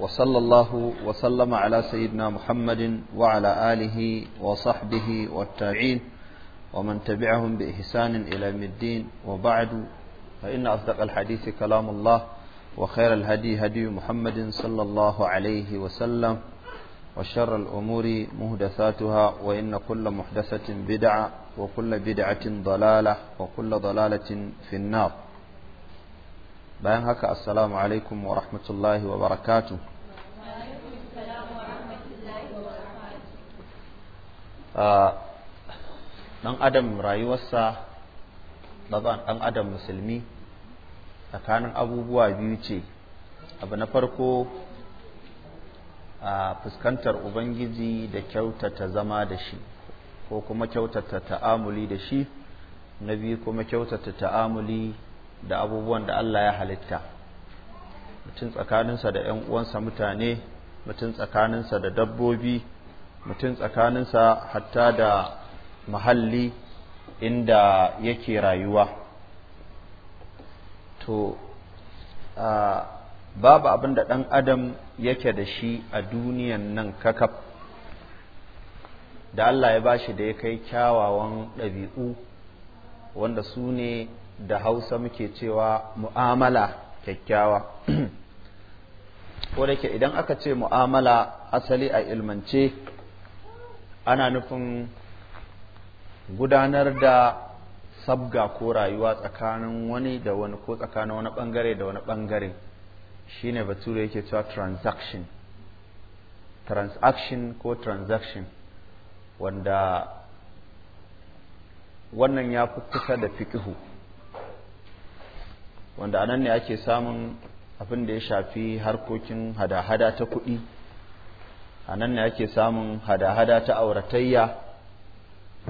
وصلى الله وسلم على سيدنا محمد وعلى آله وصحبه والتابعين ومن تبعهم بإحسان إلى يوم الدين وبعد فإن أصدق الحديث كلام الله وخير الهدي هدي محمد صلى الله عليه وسلم وشر الأمور مهدثاتها وإن كل محدثة بدعة وكل بدعة ضلالة وكل ضلالة في النار bayan haka assalamu alaikum wa rahmatullahi wa barakatu ah, dan adam rayuwarsa dan adam musulmi tsakanin abubuwa biyu ce abu na farko a fuskantar ubangiji da kyautata zama da shi ko kuma kyautata ta'amuli da shi na biyu kuma kyautata ta'amuli da abubuwan da Allah ya halitta mutum tsakaninsa da ‘yan uwansa mutane mutum tsakaninsa da dabbobi mutum tsakaninsa hatta da mahalli inda yake rayuwa to babu abin da ɗan adam yake da shi a duniyan nan kakaf da Allah ya bashi da ya kai kyawawan ɗabi'u wanda su ne da hausa muke cewa mu'amala kyakkyawa ko ke idan aka ce mu'amala asali a ilmance ana nufin gudanar da sabga ko rayuwa tsakanin wani da wani ko tsakanin wani bangare da wani bangare shine bature yake cewa transaction transaction ko transaction wanda wannan ya fi kusa da fikihu wanda anan ne ake samun abin da ya shafi harkokin hada-hada ta kuɗi a ne ake samun hada-hada ta auratayya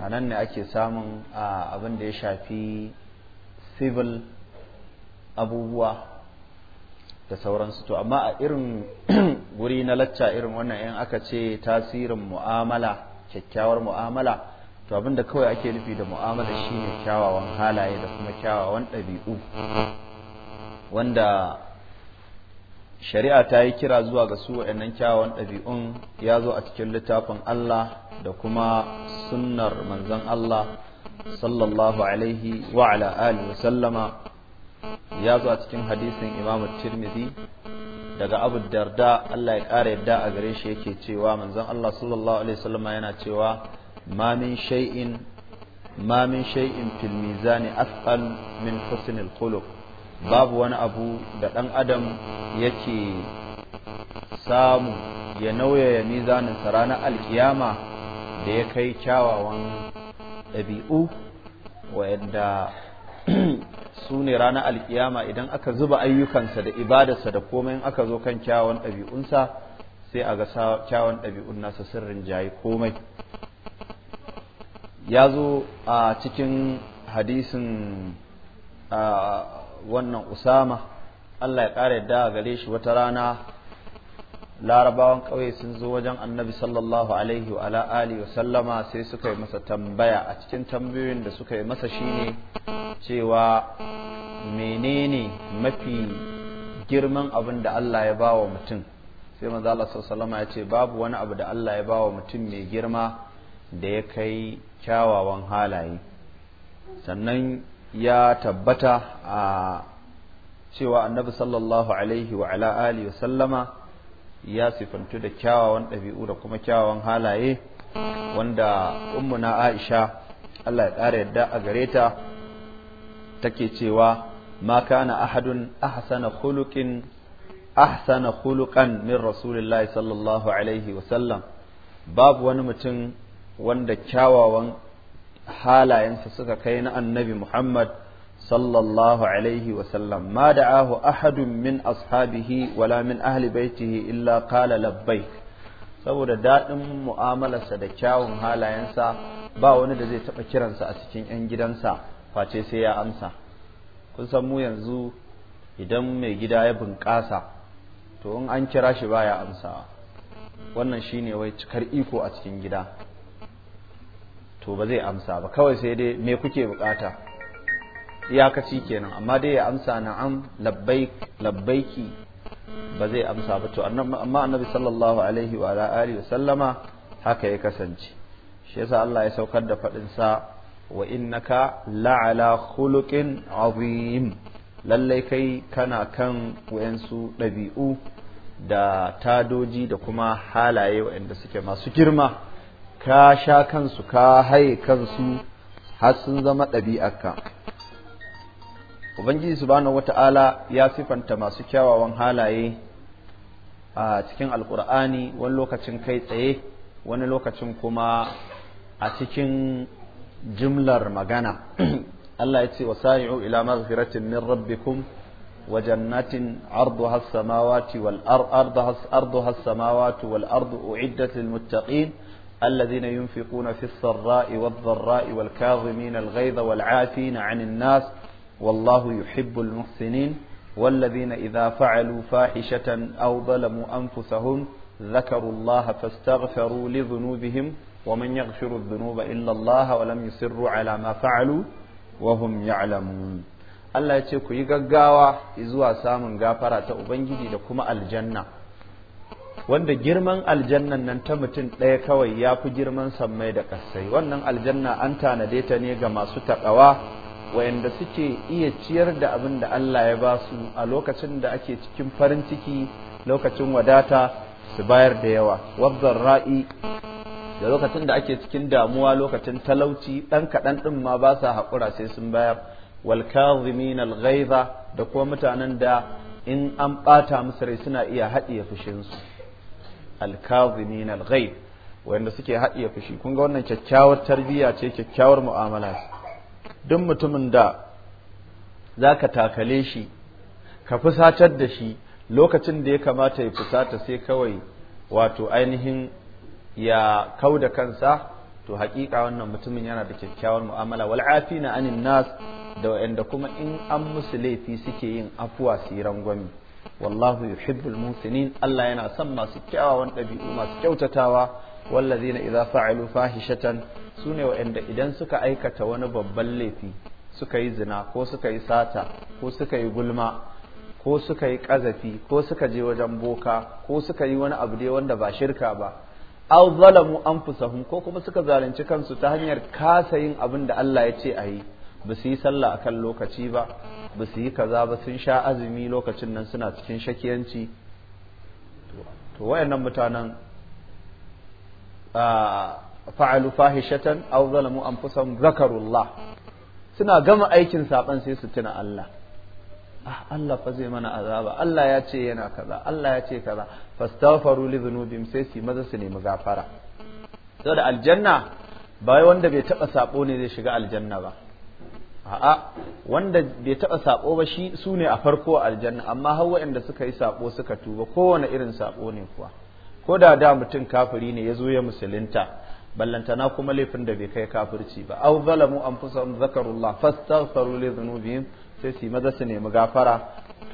a ne ake samun abin da ya shafi civil abubuwa da sauransu to amma a irin guri na lacca irin wannan yan aka ce tasirin mu'amala kyakkyawar mu'amala to abin da kawai ake nufi da mu'amala shine kyawawan halaye da kuma kyawawan ɗabi'u wanda shari'a ta yi kira zuwa ga su waɗannan kyawawan ɗabi'un ya zo a cikin littafin Allah da kuma sunnar manzon Allah sallallahu alaihi wa ala alihi sallama ya zo a cikin hadisin Imam Tirmidhi daga Abu Darda Allah ya ƙara yadda a gare shi yake cewa manzon Allah sallallahu alaihi sallama yana cewa ma min shay'in ma min shay'in fil mizani athqal min husnil khuluq babu wani abu da ɗan adam yake samu ya nauyaya mizaninsa sarana alkiyama da ya kai kyawawan ɗabi'u wa'yanda su ne ranar alkiyama idan aka zuba ayyukansa da ibadarsa da komai aka zo kan kyawawan ɗabi'unsa sai a ga kyawawan ɗabi'un nasa sirrin jayi komai ya zo a cikin hadisin wannan usama Allah ya ƙara yadda a gare shi wata rana larabawan ƙauye sun zo wajen annabi sallallahu alaihi wa alihi wa sallama sai suka yi masa tambaya a cikin tambayoyin da suka yi masa shine cewa menene mafi girman abin da Allah ya ba wa mutum sai maza Allah sallama ya ce babu wani abu da Allah ya ba wa mutum mai girma da ya kai kyawawan halaye sannan ya tabbata a cewa annabi sallallahu alaihi wa ala alihi sallama ya sifantu da kyawawan ɗabi'u da kuma kyawawan halaye wanda ummuna Aisha Allah ya ƙara yadda a gare ta take cewa ma kana ahadun ahsana khuluqin ahsana khuluqan min rasulillahi sallallahu alaihi wa sallam babu wani mutum wanda kyawawan halayensa suka kai na annabi Muhammad sallallahu alaihi wasallam ma da'ahu ahadun min ashabihi wala min ahli baitihi illa qala labbai saboda daɗin mu'amalarsa da kyawun halayensa ba wani da zai taɓa kiransa a cikin 'yan gidansa face sai ya amsa kun san mu yanzu idan mai gida ya bunƙasa to in an kira shi baya amsa wannan shine wai cikar iko a cikin gida to ba zai amsa ba kawai sai dai me kuke bukata iyakaci kenan amma dai ya amsa na an labbaiki ba zai amsa ba to amma annabi sallallahu alaihi wa alihi sallama haka ya kasance shi yasa Allah ya saukar da fadin sa wa innaka la'ala khuluqin azim lallai kai kana kan wayansu ɗabi'u da tadoji da kuma halaye wayanda suke masu girma ka sha kansu ka haye kansu har sun zama ɗabi'arka ubangiji subhanahu wata'ala ya sifanta masu kyawawan halaye a cikin alkur'ani wani lokacin kai tsaye wani lokacin kuma a cikin jimlar magana Allah ya ce wa sa'i'u ila maghfiratin min rabbikum wa jannatin arduha as-samawati wal ardu has-samawati wal ardu u'iddat lil muttaqin الذين ينفقون في السراء والضراء والكاظمين الغيظ والعافين عن الناس والله يحب المحسنين والذين إذا فعلوا فاحشة أو ظلموا أنفسهم ذكروا الله فاستغفروا لذنوبهم ومن يغفر الذنوب إلا الله ولم يصروا على ما فعلوا وهم يعلمون Allah ya ce ku yi gaggawa zuwa samun gafara ta Ubangiji da kuma aljanna wanda girman aljannan nan ta mutum ɗaya kawai ya fi girman sammai da ƙasai wannan aljanna an tanade ta ne ga masu taƙawa wayanda suke iya ciyar da abin da Allah ya ba su a lokacin da ake cikin farin ciki lokacin wadata su bayar da yawa wabzar ra'i da lokacin da ake cikin damuwa lokacin talauci ɗan kaɗan ɗin ma ba sa haƙura sai sun bayar wal kazimin al da kuma mutanen da in an ɓata musu rai suna iya haɗiye fushinsu alkazimin alghaib wanda suke haɗiye fushi kun ga wannan kyakkyawar tarbiyya ce kyakkyawar mu'amala duk mutumin da zaka takale shi ka fusatar da shi lokacin da ya kamata ya fusata sai kawai wato ainihin ya kau da kansa to haƙiƙa wannan mutumin yana da kyakkyawar mu'amala wal afina anin nas da wa'anda kuma in an musu laifi suke yin afuwa su yi wallahu yuhibbul muhsinin Allah yana son masu kyawawan ɗabi'u masu kyautatawa wallazina idza fa'alu fahishatan sune waɗanda idan suka aikata wani babban laifi suka yi zina ko suka yi sata ko suka yi gulma ko suka yi ƙazafi ko suka je wajen boka ko suka yi wani abu da wanda ba shirka ba aw zalamu anfusahum ko kuma suka zalunci kansu ta hanyar kasa yin abin da Allah ya ce a yi ba su yi sallah akan lokaci ba ba su yi kaza ba sun sha azumi lokacin nan suna cikin shakiyanci to wayannan mutanen fa'alu fahishatan aw zalamu anfusahum zakarullah suna gama aikin saban sai su tuna Allah ah Allah fa zai mana azaba Allah ya ce yana kaza Allah ya ce kaza fastaghfiru li dhunubihim sai su maza su nemi gafara saboda aljanna bai wanda bai taba sabo ne zai shiga aljanna ba a'a wanda bai taɓa saɓo ba shi su ne a farko a aljanna amma har waɗanda suka yi saɓo suka tuba kowane irin saɓo ne kuwa ko da da mutum kafiri ne ya zo ya musulunta ballantana kuma laifin da bai kai kafirci ba aw zalamu anfusahum zakarullah fastaghfiru li dhunubihim sai su maza su nemi gafara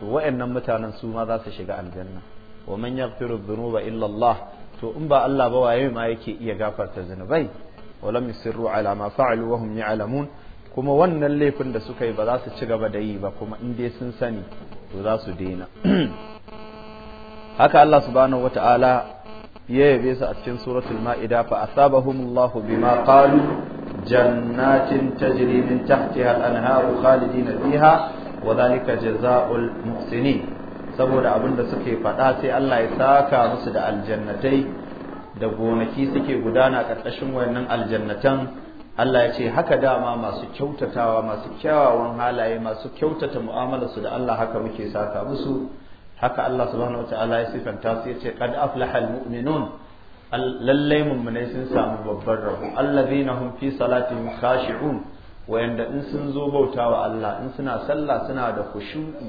to waɗannan mutanen su ma za su shiga aljanna wa man yaghfiru dhunuba illa Allah to in ba Allah ba waye ma yake iya gafarta zunubai wa lam yusirru ala ma fa'alu wa hum ya'lamun kuma wannan laifin da suka yi ba za su ci gaba da yi ba kuma in dai sun sani to za su daina haka Allah subhanahu wata'ala ya yabe su a cikin suratul ma'ida fa asabahumullahu bima qalu jannatin tajri min tahtiha al-anharu khalidina fiha wa dhalika jazaa'ul muhsinin saboda abin da suke faɗa sai Allah ya saka musu da aljannatai da gonaki suke gudana ƙarƙashin wayannan aljannatan Allah ya ce haka dama masu kyautatawa masu kyawawan halaye masu kyautata mu'amalarsu da Allah haka muke saka musu haka Allah subhanahu wataala ya sifanta su ya ce qad aflaha almu'minun lallai mummunai sun samu babban rabo allazina hum fi salatihim khashi'un wayanda in sun zo bautawa Allah in suna sallah suna da khushu'i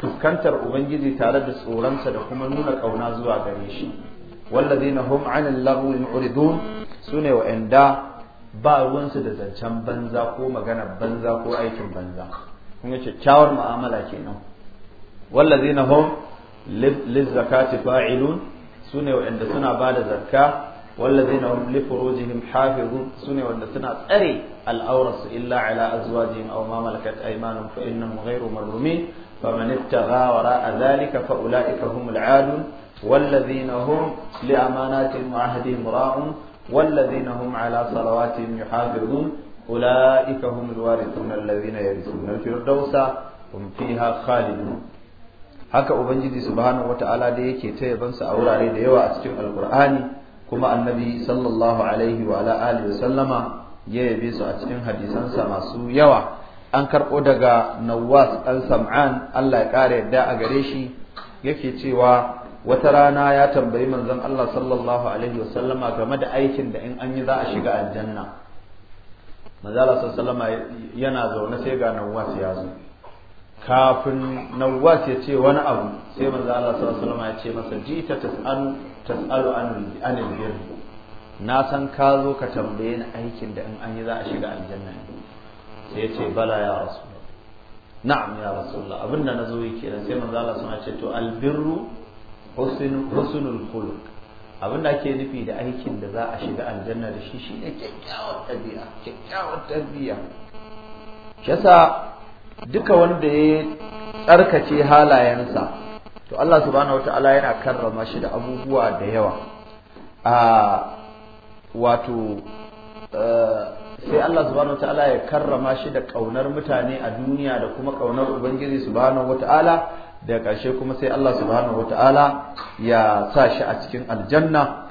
fuskantar ubangiji tare da tsoronsa da kuma nuna ƙauna zuwa gare shi wallazina hum 'anil lagwi mu'ridun sune wa'anda ba ruwansu da zancen banza ko magana banza ko aikin banza kuma kyakkyawar mu'amala kenan wallazina hum lizzakati fa'ilun sune wanda suna ba da zakka wallazina hum li furujihim hafizun sune wanda suna tsare al'aurarsu illa ala azwajihim aw ma malakat aymanuhum fa innahum ghayru malumin faman ibtagha wara'a dhalika fa ulaika humul 'adun wallazina hum li amanatihim wa ahdihim والذين هم على صلواتهم يحافظون أولئك هم الوارثون الذين يرثون الفردوس هم فيها خالدون haka ubangiji subhanahu wataala da yake ta yabansa a wurare da yawa a cikin alqur'ani kuma annabi sallallahu alaihi wa ala sallama ya yabe su a cikin hadisansa masu yawa an karɓo daga Nawas ɗan Sam'an Allah ya ƙara yadda a gare shi yake cewa wata rana ya tambayi manzon Allah sallallahu alaihi wasallama game da aikin da in an yi za a shiga aljanna manzon Allah sallallahu alaihi yana zaune sai ga Nawwas ya zo kafin Nawwas ya ce wani abu sai manzon Allah sallallahu alaihi ya ce masa jita tas'alu tas'alu an an bir na san ka zo ka tambaye ni aikin da in an yi za a shiga aljanna sai ya ce bala ya rasul na'am ya rasulullah abinda nazo yake kenan sai manzon Allah sallallahu alaihi ya ce to albirru husnul khuluq abin da ake nufi da aikin da za a shiga aljanna da shi shine kyakkyawar tabi'a kyakkyawar tabi'a shi yasa duka wanda ya tsarkace halayensa to Allah subhanahu wata'ala yana karrama shi da abubuwa da yawa a wato eh, sai Allah subhanahu wata'ala ya karrama shi da kaunar mutane a duniya da kuma kaunar ubangiji subhanahu wata'ala da ƙarshe kuma sai Allah subhanahu wata'ala ya sa shi a cikin aljanna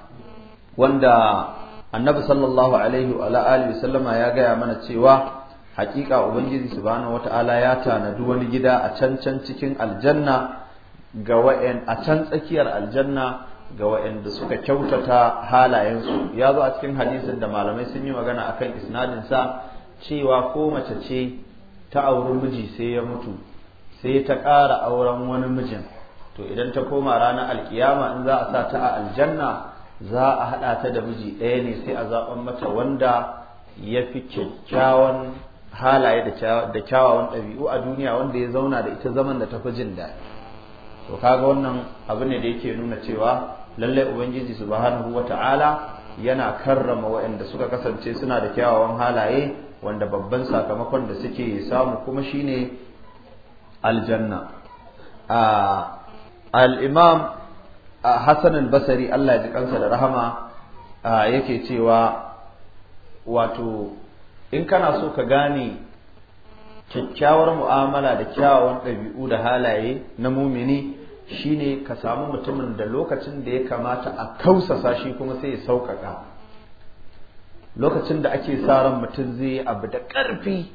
wanda annabi sallallahu alaihi wa alihi sallama ya gaya mana cewa haƙiƙa ubangiji subhanahu wata'ala ya tanadi wani gida a can can cikin aljanna ga wa'en a can tsakiyar aljanna ga wa'anda suka kyautata halayensu ya zo a cikin hadisin da malamai sun yi magana akan isnadinsa cewa ko mace ce ta auri miji sai ya mutu sai ta ƙara auren wani mijin to idan ta koma ranar alkiyama in za a sa ta a aljanna za a haɗa ta da miji ɗaya ne sai a zaɓen mata wanda ya fi kyakkyawan halaye da kyawawan ɗabi'u a duniya wanda ya zauna da ita zaman da ta fi jin daɗi to kaga wannan abu ne da yake nuna cewa lallai ubangiji subhanahu wata'ala yana karrama waɗanda suka kasance suna da kyawawan halaye wanda babban sakamakon da suke samu kuma shine aljanna al-imam Hassan al-Basri Allah ya ji kansa da rahama yake cewa wato in kana so ka gane kyakkyawar mu'amala da kyawawan ɗabi'u da halaye na mumini shine ka samu mutumin da lokacin da ya kamata a kausasa shi kuma sai ya sauƙaƙa lokacin da ake sa ran mutum zai abu da ƙarfi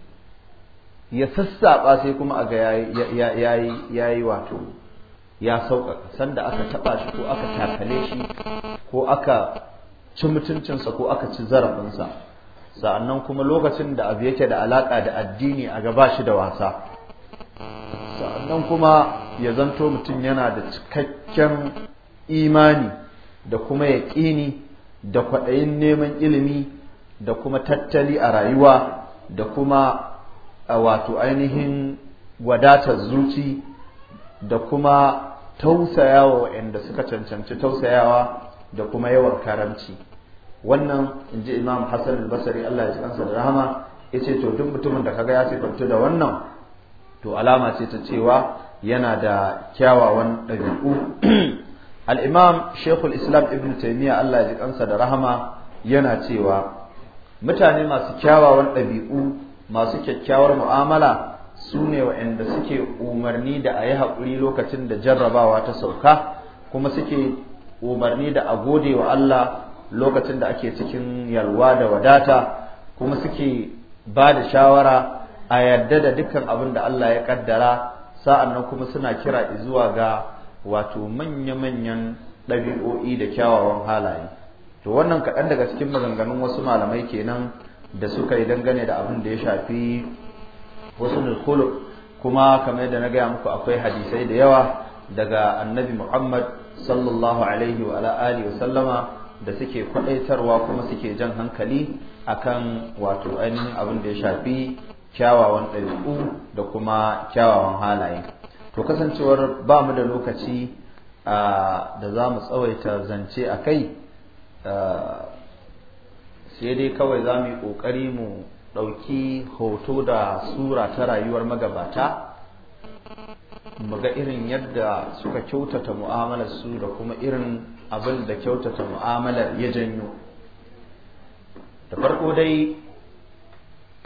ya sassaɓa sai kuma a ga ya yi wato ya sauƙaƙa sanda aka taɓa shi ko aka takale shi ko aka ci mutuncinsa ko aka ci zarafinsa sa'annan kuma lokacin da abu yake da alaƙa da addini a gaba shi da wasa sa'annan kuma ya zanto mutum yana da cikakken imani da kuma yaƙini da kwaɗayin neman ilimi da kuma tattali a rayuwa da kuma A wato ainihin wadatar zuci da kuma tausayawa waɗanda suka cancanci tausayawa da kuma yawan karamci wannan in ji imam hassan al-basari allah ya ji kansa da rahama ya ce to duk mutumin da kaga ya sifantu da wannan to alama ce ta cewa yana da kyawawan ɗabi'u al-imam shekul islam ibn taimiyya allah ya ji kansa da rahama yana cewa mutane masu kyawawan ɗabi'u masu kyakkyawar mu'amala su ne waɗanda suke umarni da a yi haƙuri lokacin da jarrabawa ta sauka kuma suke umarni da a gode wa Allah lokacin da ake cikin yalwa da wadata kuma suke ba da shawara a yarda da dukkan abin da Allah ya ƙaddara, sa'an nan kuma suna kira zuwa ga wato manya-manyan ɗabi'o'i da kyawawan halaye to wannan kaɗan daga cikin maganganun wasu malamai kenan da suka yi dangane da abin da ya shafi wasu nulkulu kuma kamar yadda na gaya muku akwai hadisai da yawa daga annabi Muhammad sallallahu alaihi wa alihi wa sallama da suke kwadaitarwa kuma suke jan hankali akan wato ainihin abin da ya shafi kyawawan ɗabi'u da kuma kyawawan halaye to kasancewar ba mu da lokaci ah, da za mu tsawaita zance a kai ah, sai dai kawai za mu yi ƙoƙari mu ɗauki hoto da sura ta rayuwar magabata mu ga irin yadda suka kyautata mu'amalar su da kuma irin abin da kyautata mu'amalar ya janyo da farko dai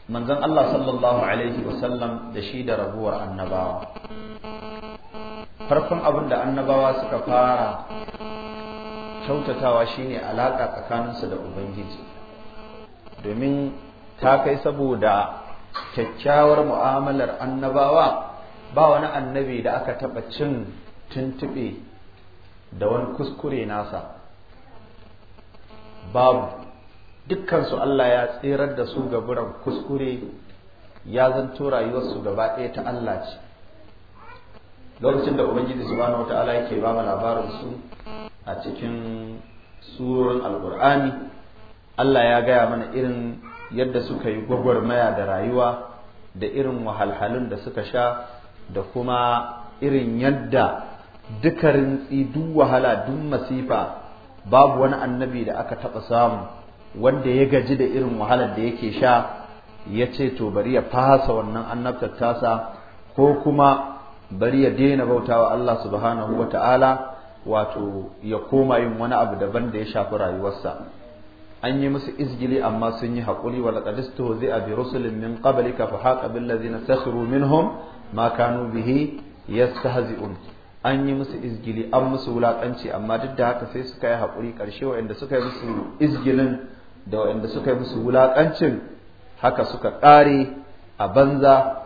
manzon Allah sallallahu alaihi wasallam da shi da rabuwar annabawa farkon abin da annabawa suka fara kyautatawa shine alaƙa tsakaninsu da ubangiji domin ta kai saboda kyakkyawar mu'amalar annabawa ba wani annabi da aka taɓa cin tuntuɓe da wani kuskure nasa babu dukkansu Allah ya tsirar da su gaburan kuskure ya zanto rayuwarsu gaba ɗaya ta Allah ce lokacin da ubangiji subhanahu wata'ala yake ba mu labarin su a cikin al alkur'ani Allah ya gaya mana irin yadda suka yi gwagwarmaya da rayuwa da irin wahalhalun da suka sha da kuma irin yadda duka rintsi duk wahala duk masifa babu wani annabi da aka taɓa samu wanda ya gaji da irin wahalar da yake sha ya ce to bari ya fasa wannan annabtar tasa ko kuma bari ya daina wa Allah subhanahu wa ta'ala wato ya koma yin wani abu daban da ya shafi rayuwarsa an yi musu izgili amma sun yi haƙuri wa laqad istuhzi'a bi rusulin min qablika fa haqa bil ladzina sakhiru minhum ma kanu bihi yastahzi'un an yi musu izgili an musu wulaƙanci. amma duk da haka sai suka yi haƙuri ƙarshe waɗanda suka yi musu izgilin da waɗanda suka yi musu wulaƙancin, haka suka ƙare a banza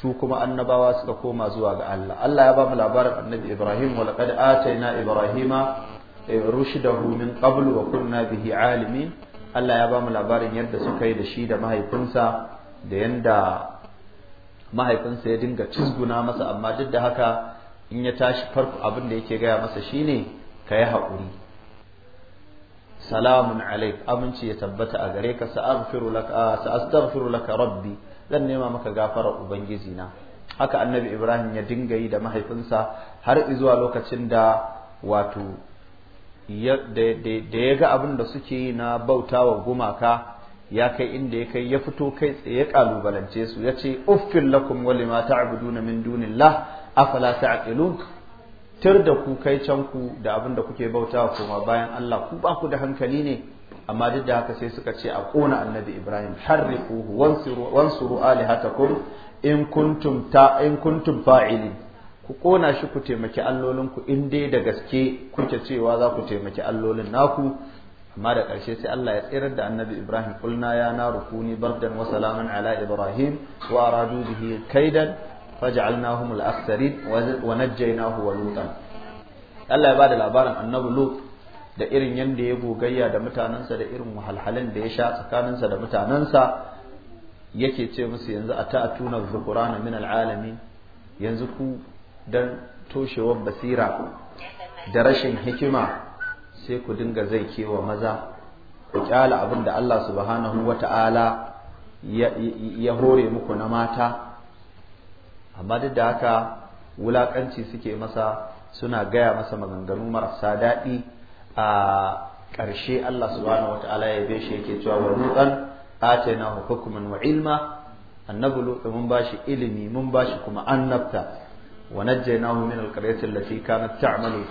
su kuma annabawa suka koma zuwa ga Allah Allah ya ba mu labarin annabi Ibrahim wa laqad atayna Ibrahima Eh, rushdahu min qablu wa kunna bihi alimin Allah ya ba mu labarin yadda suka yi da shi da mahaifinsa da yadda mahaifinsa ya dinga cizguna masa amma duk da haka in ya tashi farko abin da yake gaya masa shine ka yi haƙuri salamun alaik aminci ya tabbata a gare ka sa'aghfiru laka sa'astaghfiru laka rabbi zan nema maka gafara ubangiji na haka annabi ibrahim ya dinga yi da mahaifinsa har zuwa lokacin da wato da ya ga abin da suke yi na bautawa gumaka ya kai inda ya kai ya fito kai tsaye kalubalance su ya ce uffin lakum ta lima ta'buduna min dunillah afala ta'qilun tir da ku kai can ku da abin da kuke bautawa kuma bayan Allah ku ba ku da hankali ne amma duk da haka sai suka ce a kona annabi Ibrahim harriquhu wansuru wansuru alihatakum in kuntum ta in kuntum fa'ilin ku kona shi ku taimaki allolin ku in dai da gaske kuke cewa za ku taimaki allolin naku amma da ƙarshe sai Allah ya tsirar da annabi Ibrahim kulna ya na rukuni bardan wa salaman ala Ibrahim wa aradu bihi kaidan faj'alnahum al-aktharin wa najjaynahu wa lutan Allah ya da labarin annabi Lut da irin yadda ya gogayya da mutanensa da irin wahalhalin da ya sha tsakaninsa da mutanansa yake ce musu yanzu a ta'atuna dhukurana min al yanzu ku don toshewar basira da rashin hikima sai ku dinga zai kewa maza ku kyala abin da Allah subhanahu wa ta'ala ya hore muku na mata amma duk da haka wulakanci suke masa suna gaya masa maganganu marasa daɗi a ƙarshe Allah subhanahu wa ta'ala ya shi yake cewa wa lutan atainahu hukman wa ilma annabi mun bashi ilimi mun bashi kuma annabta wa najjaynahu min alqaryati allati kanat ta'malu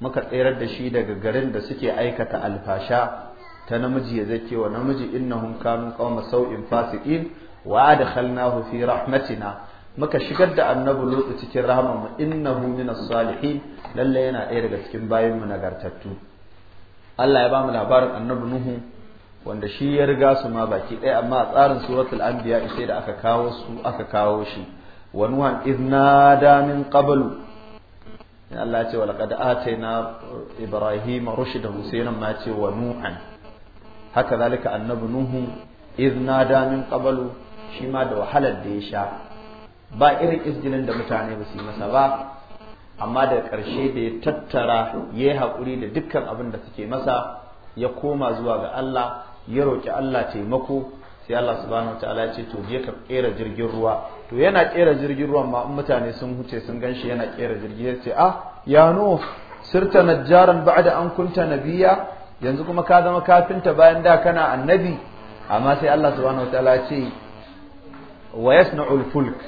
muka tsirar da shi daga garin da suke aikata alfasha ta namiji ya zake wa namiji innahum kanu qauma sau'in fasiqin wa adkhalnahu fi rahmatina muka shigar da annabi lutu cikin rahman mu innahu min as-salihin lalle yana ɗaya daga cikin bayin mu nagartattu Allah ya ba mu labarin annabi nuhu wanda shi ya riga su ma baki ɗaya amma a tsarin suratul anbiya sai da aka kawo su aka kawo shi wa nuhan iz nada min qablu in Allah ce walaqad atayna ibrahima rushdahu sai ma ce wa nuhan haka zalika annabi nuhu iz nada min qablu shi ma da wahalar da ya sha ba irin izgilin da mutane ba su yi masa ba amma da ƙarshe da ya tattara ya yi haƙuri da dukkan abin da suke masa ya koma zuwa ga Allah ya roƙi Allah taimako sai Allah subhanahu wataala ya ce to je ka kera jirgin ruwa to yana kera jirgin ruwan ma mutane sun huce sun ganshi yana kera jirgi ya ce ah ya no sirta najjaran ba'da an kunta nabiyya yanzu kuma ka zama kafinta bayan da kana annabi amma sai Allah subhanahu wataala ya ce wa yasna'ul fulk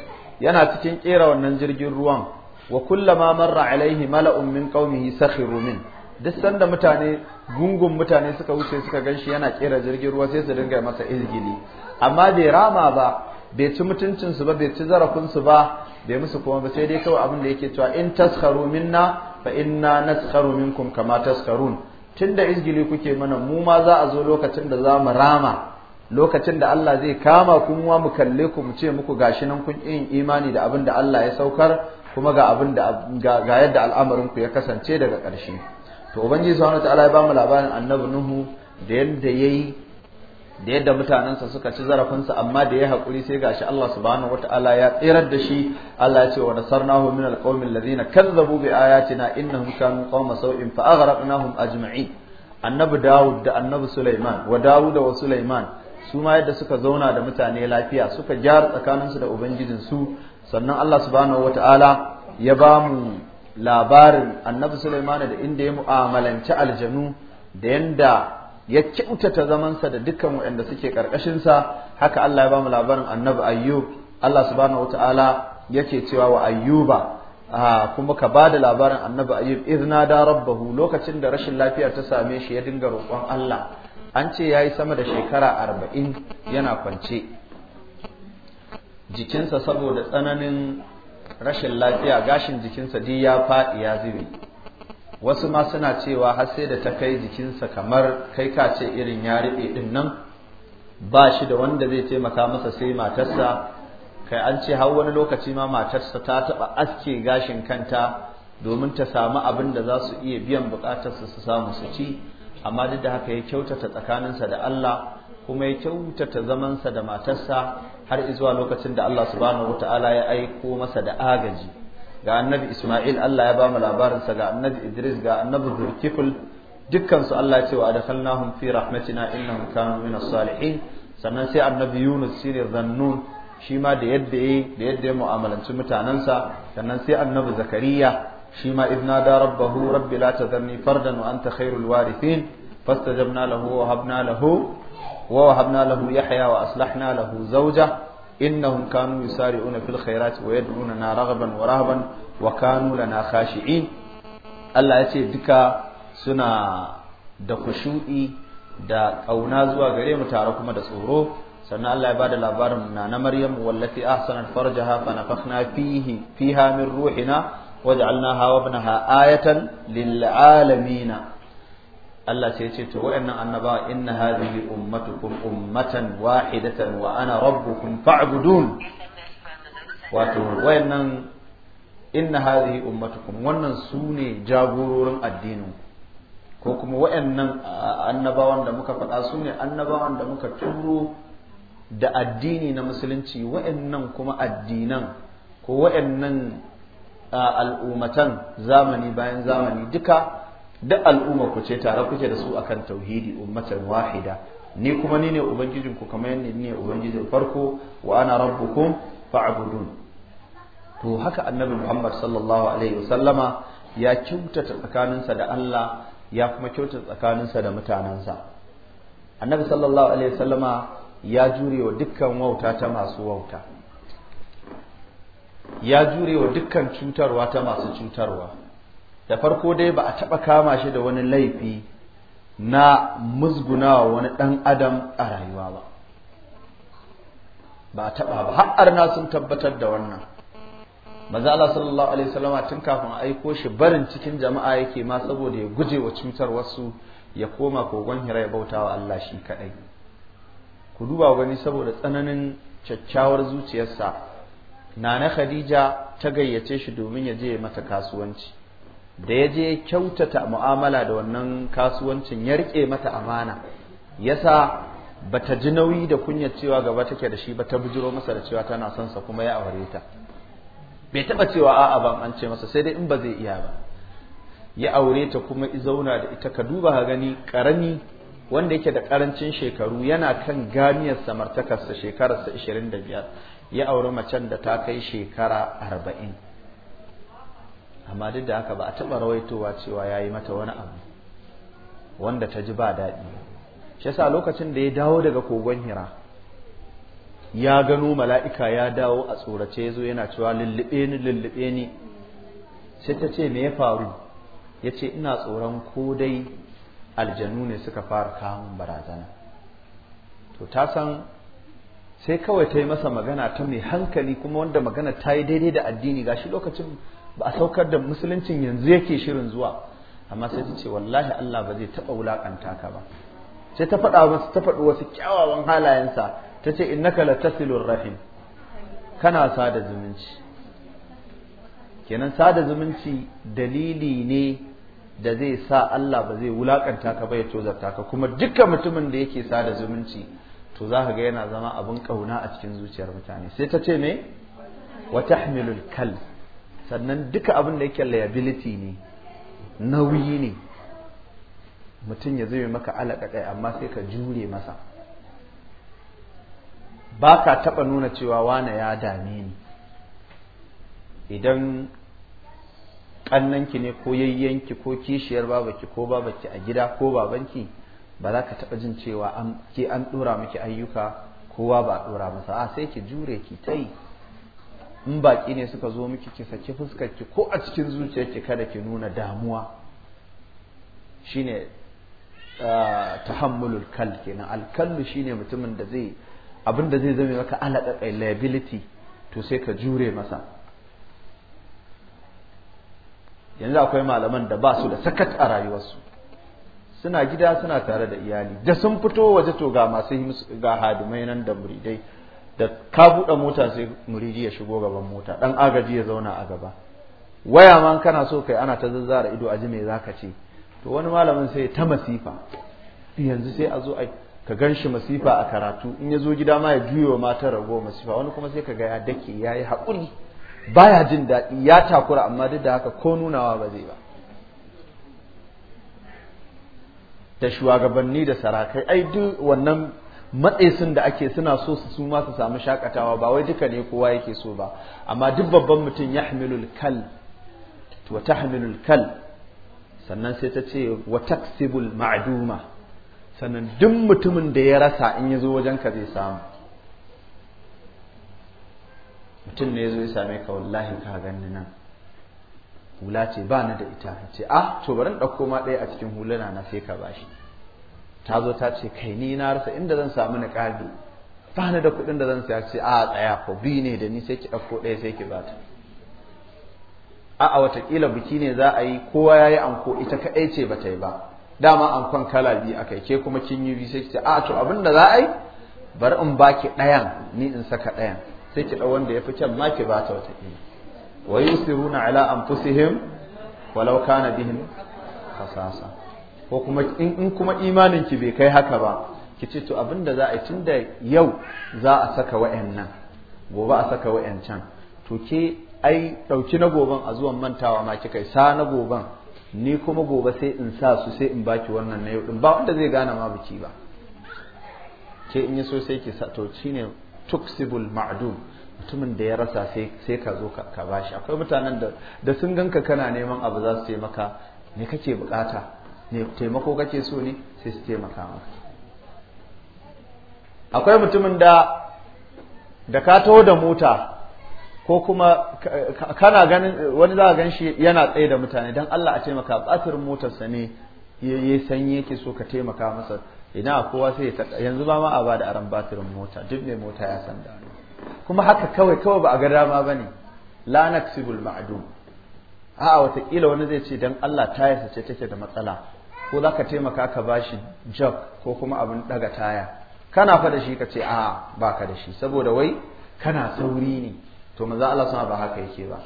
yana cikin kera wannan jirgin ruwan wa kullama marra alaihi mala'un min qaumihi sakhiru min duk sanda mutane gungun mutane suka wuce suka gan shi yana kera jirgin ruwa sai su dinga masa izgili amma bai rama ba bai ci mutuncinsu ba bai ci zarafin su ba bai musu kuma ba sai dai kawai abin da yake cewa in taskharu minna fa inna naskharu minkum kama taskharun tunda izgili kuke mana mu ma za a zo lokacin da za mu rama lokacin da Allah zai kama ku mu mu kalle ku mu ce muku gashi nan kun yin imani da abin da Allah ya saukar kuma ga abin da ga yadda al'amarin ku ya kasance daga ƙarshe to ubangiji subhanahu ta'ala ya bamu labarin annabi nuhu da yadda yayi da yadda mutanensa suka ci zarafinsa amma da ya yi haƙuri sai gashi Allah subhanahu wataala ya tsirar da shi Allah ya ce wa nasarnahu min lazina alladhina kazzabu bi ayatina innahum kanu qauma sau'in fa aghraqnahum ajma'in annabi Dawud da annabi Sulaiman wa Dawud wa Sulaiman su ma yadda suka zauna da mutane lafiya suka gyara tsakaninsu da ubangijinsu sannan Allah subhanahu wataala ya mu. labarin annabi Sulaiman da inda ya mu'amalanci aljanu da yanda ya kyautata zamansa da dukkan waɗanda suke ƙarƙashinsa haka Allah ya ba mu labarin annabi ayyub Allah subhanahu wataala yake cewa wa ayyuba ah, kuma ka ba da labarin annabi ayyub izna da rabbahu lokacin da rashin lafiya ta same shi ya dinga roƙon Allah an ce ya yi sama da shekara arba'in yana kwance jikinsa saboda tsananin rashin lafiya gashin jikinsa duk ya faɗi ya zube wasu ma suna cewa har sai da ta kai jikinsa kamar kai ka ce irin ya riɓe ɗin nan ba shi da wanda zai taimaka masa sai matarsa kai an ce har wani lokaci ma matarsa ta taɓa aske gashin kanta domin ta samu abin da za su iya biyan buƙatarsa su samu su ci amma duk da haka ya kyautata tsakaninsa da Allah kuma ya kyautata zamansa da matarsa har izuwa lokacin da Allah subhanahu wataala ya aiko masa da agaji ga annabi Isma'il Allah ya ba mu labarin sa ga annabi Idris ga annabi Zulkifl dukkan su Allah ya ce wa adkhalnahum fi rahmatina innahum kanu minas salihin sannan sai annabi Yunus shine zannun shi ma da yadda yayi da yadda ya mu'amalanci mutanensa sannan sai annabi Zakariya shi ma idna da rabbahu rabbi la tadhni fardan wa anta khairul warithin fastajabna lahu wa habna lahu ووهبنا له يحيى وأصلحنا له زوجة إنهم كانوا يسارعون في الخيرات ويدعوننا رغبا ورهبا وكانوا لنا خاشعين Allah ya ce duka suna da kushu'i da ƙauna zuwa gare mu tare kuma da tsoro sannan Allah ya bada labarin na na Maryam wallati ahsanat farjaha fana nafakhna fihi fiha min ruhina waj'alnaha wa ibnaha ayatan lil Allah ce ya ce to wayannan annaba inna hadhihi ummatukum ummatan wahidatan wa ana rabbukum fa'budun wato wayannan inna hadhihi ummatukum wannan sune jagororin addinin ko kuma wayannan annabawan da muka faɗa sune annabawan da muka turo da addini na musulunci wayannan kuma addinan ko wayannan al'ummatan zamani bayan zamani duka duk al'umma ku ce tare kuke da su akan tauhidi ummatan wahida ni kuma ni ne ubangijin ku kamar yadda ni ne ubangijin farko wa ana rabbukum fa'budun to haka annabi Muhammad sallallahu alaihi wasallama ya kyauta tsakaninsa da Allah ya kuma kyauta tsakaninsa da mutanensa annabi sallallahu alaihi wasallama ya jure wa dukkan wauta ta masu wauta ya jure wa dukkan cutarwa ta masu cutarwa da farko dai ba a taɓa kama shi da wani laifi na musgunawa wani ɗan adam a rayuwa ba ba a taɓa ba har na sun tabbatar da wannan maza Allah sallallahu alaihi wasallam tun kafin aiko shi barin cikin jama'a yake ma saboda ya guje wa cutar wasu ya koma kogon hira ya bauta wa Allah shi kaɗai. ku duba gani saboda tsananin kyakkyawar zuciyarsa nana Khadija ta gayyace shi domin ya je mata kasuwanci da ya je kyautata mu'amala da wannan kasuwancin ya rike mata amana yasa ta ji nauyi da kunyar cewa gaba take da shi ba ta bujiro masa da cewa tana son sa kuma ya aure ta bai taba cewa a'a ban an ce masa sai dai in ba zai iya ba ya aure ta kuma i zauna da ita ka duba ka gani karami wanda yake da karancin shekaru yana kan ganiyar samartakarsa shekararsa 25 ya aure macen da ta kai shekara arba'in. amma duk da haka ba a taɓa rawaitowa cewa ya yi mata wani abu wanda ta ji ba daɗi shi yasa lokacin da ya dawo daga kogon hira ya gano mala'ika ya dawo a tsorace ya zo yana cewa lullube ni lullube ni sai ta ce me ya faru ya ce ina tsoron ko dai aljanu ne suka fara kamun barazana to ta san sai kawai ta yi masa magana ta mai hankali kuma wanda magana ta yi daidai da addini gashi lokacin ba a saukar da musuluncin yanzu yake shirin zuwa amma sai ta ce wallahi Allah ba zai taɓa wulaƙanta ka ba sai ta faɗa wasu ta faɗi wasu kyawawan halayensa ta ce innaka latasilur rahim kana sada zumunci kenan sada zumunci dalili ne da zai sa Allah ba zai wulaƙanta ka ba ya tozarta ka kuma dukkan mutumin da yake sada zumunci to za ka ga yana zama abin ƙauna a cikin zuciyar mutane sai ta ce me wa tahmilul kalb sannan duka abin da yake liability ne nauyi ne mutum ya zai maka alaƙaƙai amma sai ka jure masa ba ka taɓa nuna cewa wane ya dame ni idan ƙannanki ne ko yayyanki ko kishiyar babaki ko babaki a gida ko babanki ba za ka taɓa jin cewa ke an ɗora miki ayyuka kowa ba a ɗora masa a sai ki jure ki ta yi in baƙi ne suka zo miki ki saki fuskar ki ko a cikin zuciyarki kada ki nuna damuwa shine ah, tahammulul kal kenan alkallu shine mutumin da zai abin da zai zame maka alaka liability to sai ka jure masa yanzu akwai malaman da ba su da sakat a rayuwarsu suna gida suna tare da iyali da sun fito waje to ga masu ga hadimai nan da muridai da ka buɗe mota sai muridi ya shigo gaban mota dan agaji ya zauna a gaba waya man kana so kai ana ta zazzara ido a ji me zaka ce to wani malamin sai ta masifa yanzu sai a zo ai ka gan shi masifa a karatu in ya zo gida ma ya juyo mata rago masifa wani kuma sai ka ga ya dake ya yi haƙuri baya jin daɗi ya takura amma duk da haka ko nunawa ba zai ba da shugabanni da sarakai ai duk wannan matsesin da ake suna so su su ma su samu shakatawa ba wai duka ne kowa yake so ba amma duk babban mutum ya hamilul kal wa hamilul kal sannan sai ta ce wa taksibul ma'aduma sannan duk mutumin da ya rasa in ya zo wajen ka zai samu mutum ne ya zo ya same ka wallahi ka ganni nan hula ce ba na da ita ce a ah, to bari ɗauko ma ɗaya a cikin huluna na sai ka bashi ta zo ta ce kai ni na rasa inda zan samu niqabi ba Bani da kuɗin da zan saya ce a tsaya ko bi ne da ni sai ki ɗauko ɗaya sai ki bata a'a watakila biki ne za a yi kowa ya yi anko ita kaɗai ce ba ta yi ba dama ankon kala biyu a ke kuma kin yi biyu sai ki ce a to abin da za a yi bari in baki ɗayan ni in saka ɗayan sai ki ɗau wanda ya fi kyan ma ki bata watakila wa yusiruna ala anfusihim walau kana bihim khasasa ko kuma in kuma imanin ki bai kai haka ba ki ce to abin da za a yi tun da yau za a saka nan gobe a saka can. to ke ai ɗauki na goben a zuwan mantawa ma kika sa na goben ni kuma gobe sai in sa su sai in baki wannan na yau din ba wanda zai gane ma biki ba ke in yi so sai ki sa to shine tuksibul ma'dum mutumin da ya rasa sai ka zo ka bashi akwai mutanen da sun ganka kana neman abu za su ce maka me kake bukata ne taimako kake so ne sai su taimaka maka akwai mutumin da da ka taho da mota ko kuma kana ganin wani za a gan shi yana tsaye da mutane don Allah a taimaka batir motarsa ne ya sanye yake so ka taimaka masa ina kowa sai yanzu ba ma a ba da aran batirin mota duk ne mota ya san da kuma haka kawai kawai ba a ga dama ba ne Lanak naksibul ma'dum a'a watakila wani zai ce don Allah tayarsa ce take da matsala ko za ka taimaka ka ba shi jog ko kuma abin ɗaga taya kana fa da shi ka ce a ba ka da shi saboda wai kana sauri ne to maza Allah sama ba haka yake ba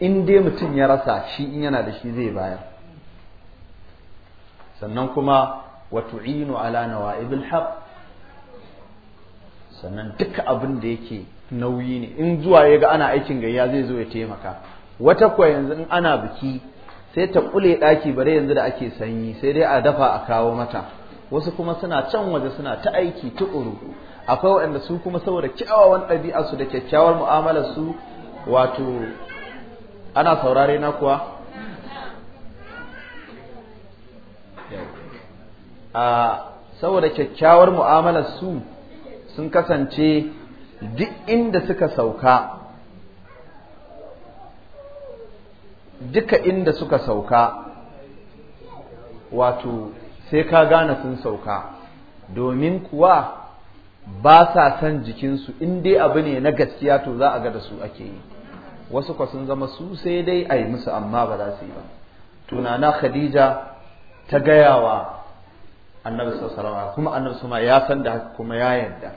in dai mutum ya rasa shi in yana da shi zai bayar sannan kuma wa tu'inu ala nawa'ibil haqq sannan duka abin da yake nauyi ne in zuwa ya ga ana aikin gayya zai zo ya taimaka wata kuwa yanzu in ana biki sai ta kule daki bare yanzu da ake sanyi sai dai a dafa a kawo mata wasu kuma suna can waje suna ta aiki tukuru akwai waɗanda su kuma saboda kyawawan ɗabi'arsu da kyakkyawar mu'amalar su wato ana saurare na kuwa a saboda kyakkyawar mu'amalar su sun kasance duk inda suka sauka duka inda suka sauka wato sai ka gane sun sauka domin kuwa ba sa son jikinsu in dai abu ne na gaskiya to za a ga da su ake yi wasu kwa sun zama su sai dai a yi musu amma ba za su yi ba tunana khadija ta gaya wa annabi sallallahu kuma annabi ya san da kuma ya yadda.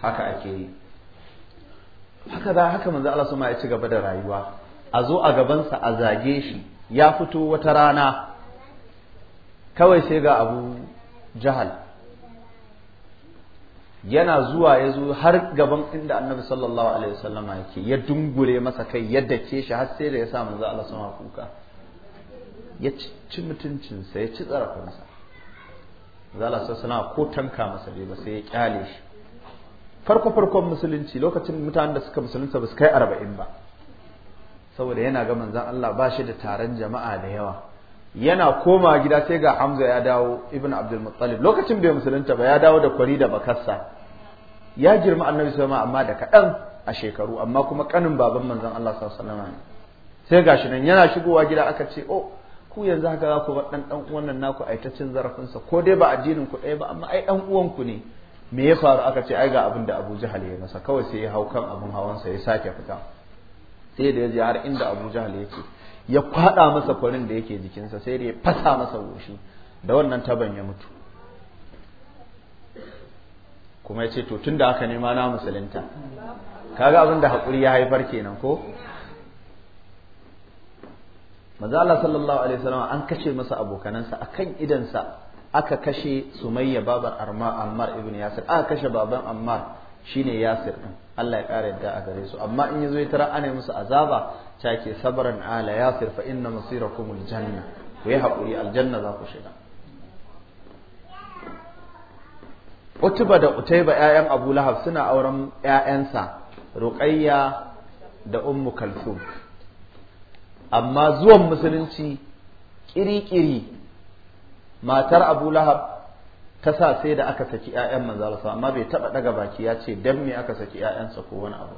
haka ake yi haka za haka manzo Allah sama ya ci gaba da rayuwa a zo a gabansa a zage shi ya fito wata rana kawai sai ga abu jahal yana zuwa ya zo har gaban inda annabi sallallahu alaihi wasallama yake ya dungure masa kai ya dake shi har sai da ya sa manzo Allah sama kuka ya ci mutuncinsa ya ci zarafinsa manzo Allah sallallahu alaihi wasallama ko tanka masa dai ba sai ya kyale shi farko farkon musulunci lokacin mutanen da suka musulunta ba su kai arba'in ba saboda yana ga manzan Allah ba shi da taron jama'a da yawa yana koma gida sai ga Hamza ya dawo Ibn Abdul Muttalib lokacin bai musulunta ba ya dawo da kwari da bakarsa ya girma Annabi sallallahu amma da kaɗan a shekaru amma kuma kanin baban manzan Allah sallallahu alaihi wasallam sai gashi nan yana shigowa gida aka ce oh ku yanzu haka za ku bar dan dan uwan nan naku aitaccen ta cin zarafinsa ko dai ba addinin ku ɗaya ba amma ai dan uwan ku ne me ya faru aka ce ai ga abin da Abu Jahal ya masa kawai sai ya hau kan abin hawansa ya sake fita sai da ya je har inda Abu Jahal yake ya kwada masa kwarin da yake jikinsa sai da ya fasa masa goshi da wannan taban ya mutu kuma ya ce to tun da aka nema na musulunta kaga abin da Hakuri ya haifar kenan ko manzo Allah sallallahu alaihi wasallam an kashe masa abokanansa kan idansa aka kashe sumayya babar ammar ibn yasir aka kashe baban ammar shine yasir din Allah ya kare yadda a gare su amma in yazo ya tara ana musu azaba take sabran ala yasir fa inna masirakum aljanna ku yi hakuri aljanna za ku shiga Utuba da Utaiba ƴaƴan Abu Lahab suna auren ƴaƴansa Ruqayya da Ummu Kalthum amma zuwan musulunci kiri-kiri matar Abu Lahab ta sa sai da aka saki ƴaƴan manzon Allah amma bai taba daga baki ya ce dan me aka saki ƴaƴansa ko wani abu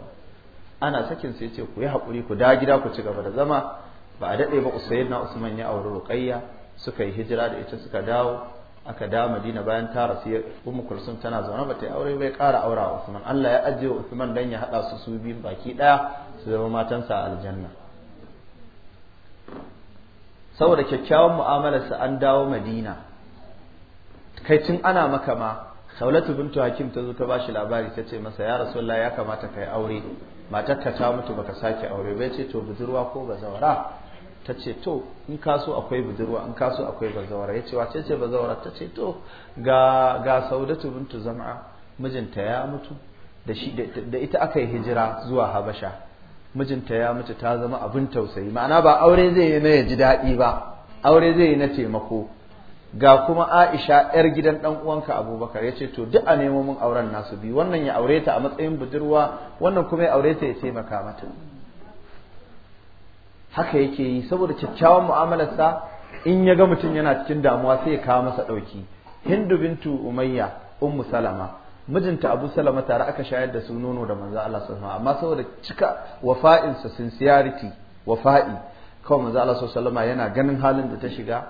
ana sakin sai ce ku yi hakuri ku da gida ku ci gaba da zama ba a dade ba na Usman ya auri Ruqayya suka yi hijira da ita suka dawo aka da Madina bayan ta rasu Ummu Kulsum tana zaune ba ta yi aure bai ƙara aura Usman Allah ya ajiye Usman dan ya haɗa su su biyu baki daya su zama matansa a aljanna saboda kyakkyawan mu'amalarsa an dawo madina kai tun ana maka ma saulatu bintu hakim ta zo ta bashi labari ta ce masa ya rasulullah ya kamata kai aure matarka ta mutu baka sake aure bai ce to budurwa ko bazawara ta ce to in ka so akwai budurwa in ka so akwai bazawara ya ce wace ce bazawara ta ce to ga ga saudatu bintu zam'a mijinta ya mutu da shi da ita aka yi hijira zuwa habasha mijinta ya mutu ta zama abin tausayi ma'ana ba aure zai yi na ya ji daɗi ba aure zai yi na taimako ga kuma Aisha yar gidan ɗan uwanka Abubakar ya ce to duk a nemo mun auren nasu biyu. wannan ya aure ta a matsayin budurwa wannan kuma ya aure ta ya taimaka mata haka yake yi saboda kyakkyawan mu'amalarsa in ya ga mutum yana cikin damuwa sai ya kawo masa ɗauki. Hindu bintu Umayya ummu Salama mijinta Abu Salama tare aka shayar da su nono da manzo Allah sallallahu alaihi amma saboda cika wafa'in sa sincerity wafa'i kawai manzo Allah sallallahu alaihi yana ganin halin da ta shiga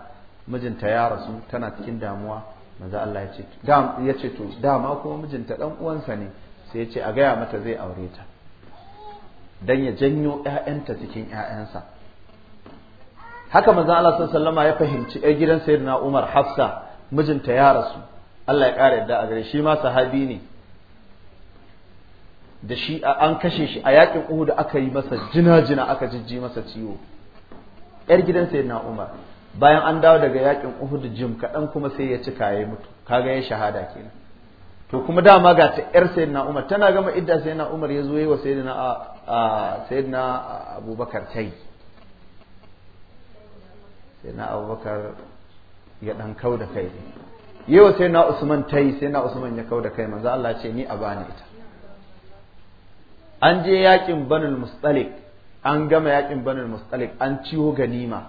mijinta ya rasu tana cikin damuwa manzo Allah ya ce da ya ce to dama kuma mijinta dan uwansa ne sai ya ce a gaya mata zai aure ta dan ya janyo ƴaƴanta cikin ƴaƴansa haka manzo Allah sallallahu alaihi ya fahimci ai gidan sayyidina Umar Hafsa mijinta ya rasu Allah ya ƙara yadda a gare shi ma sahabi ne da shi an kashe shi a yakin da aka yi masa jina-jina aka jijji masa ciwo yar gidan na Umar bayan an dawo daga yakin da jim kaɗan kuma sai ya ci ya mutu kaga ya shahada kenan to kuma dama ga ta yar na Umar tana gama idda na Umar ya zo yi wa sai na Abubakar sai na Abubakar ya ɗan kau da kai yau sai na usman ta yi sai na usman ya kau da kai manzo Allah ce ni a bani ita an je yakin banul mustalik an gama yakin banul mustalik an ciwo ganima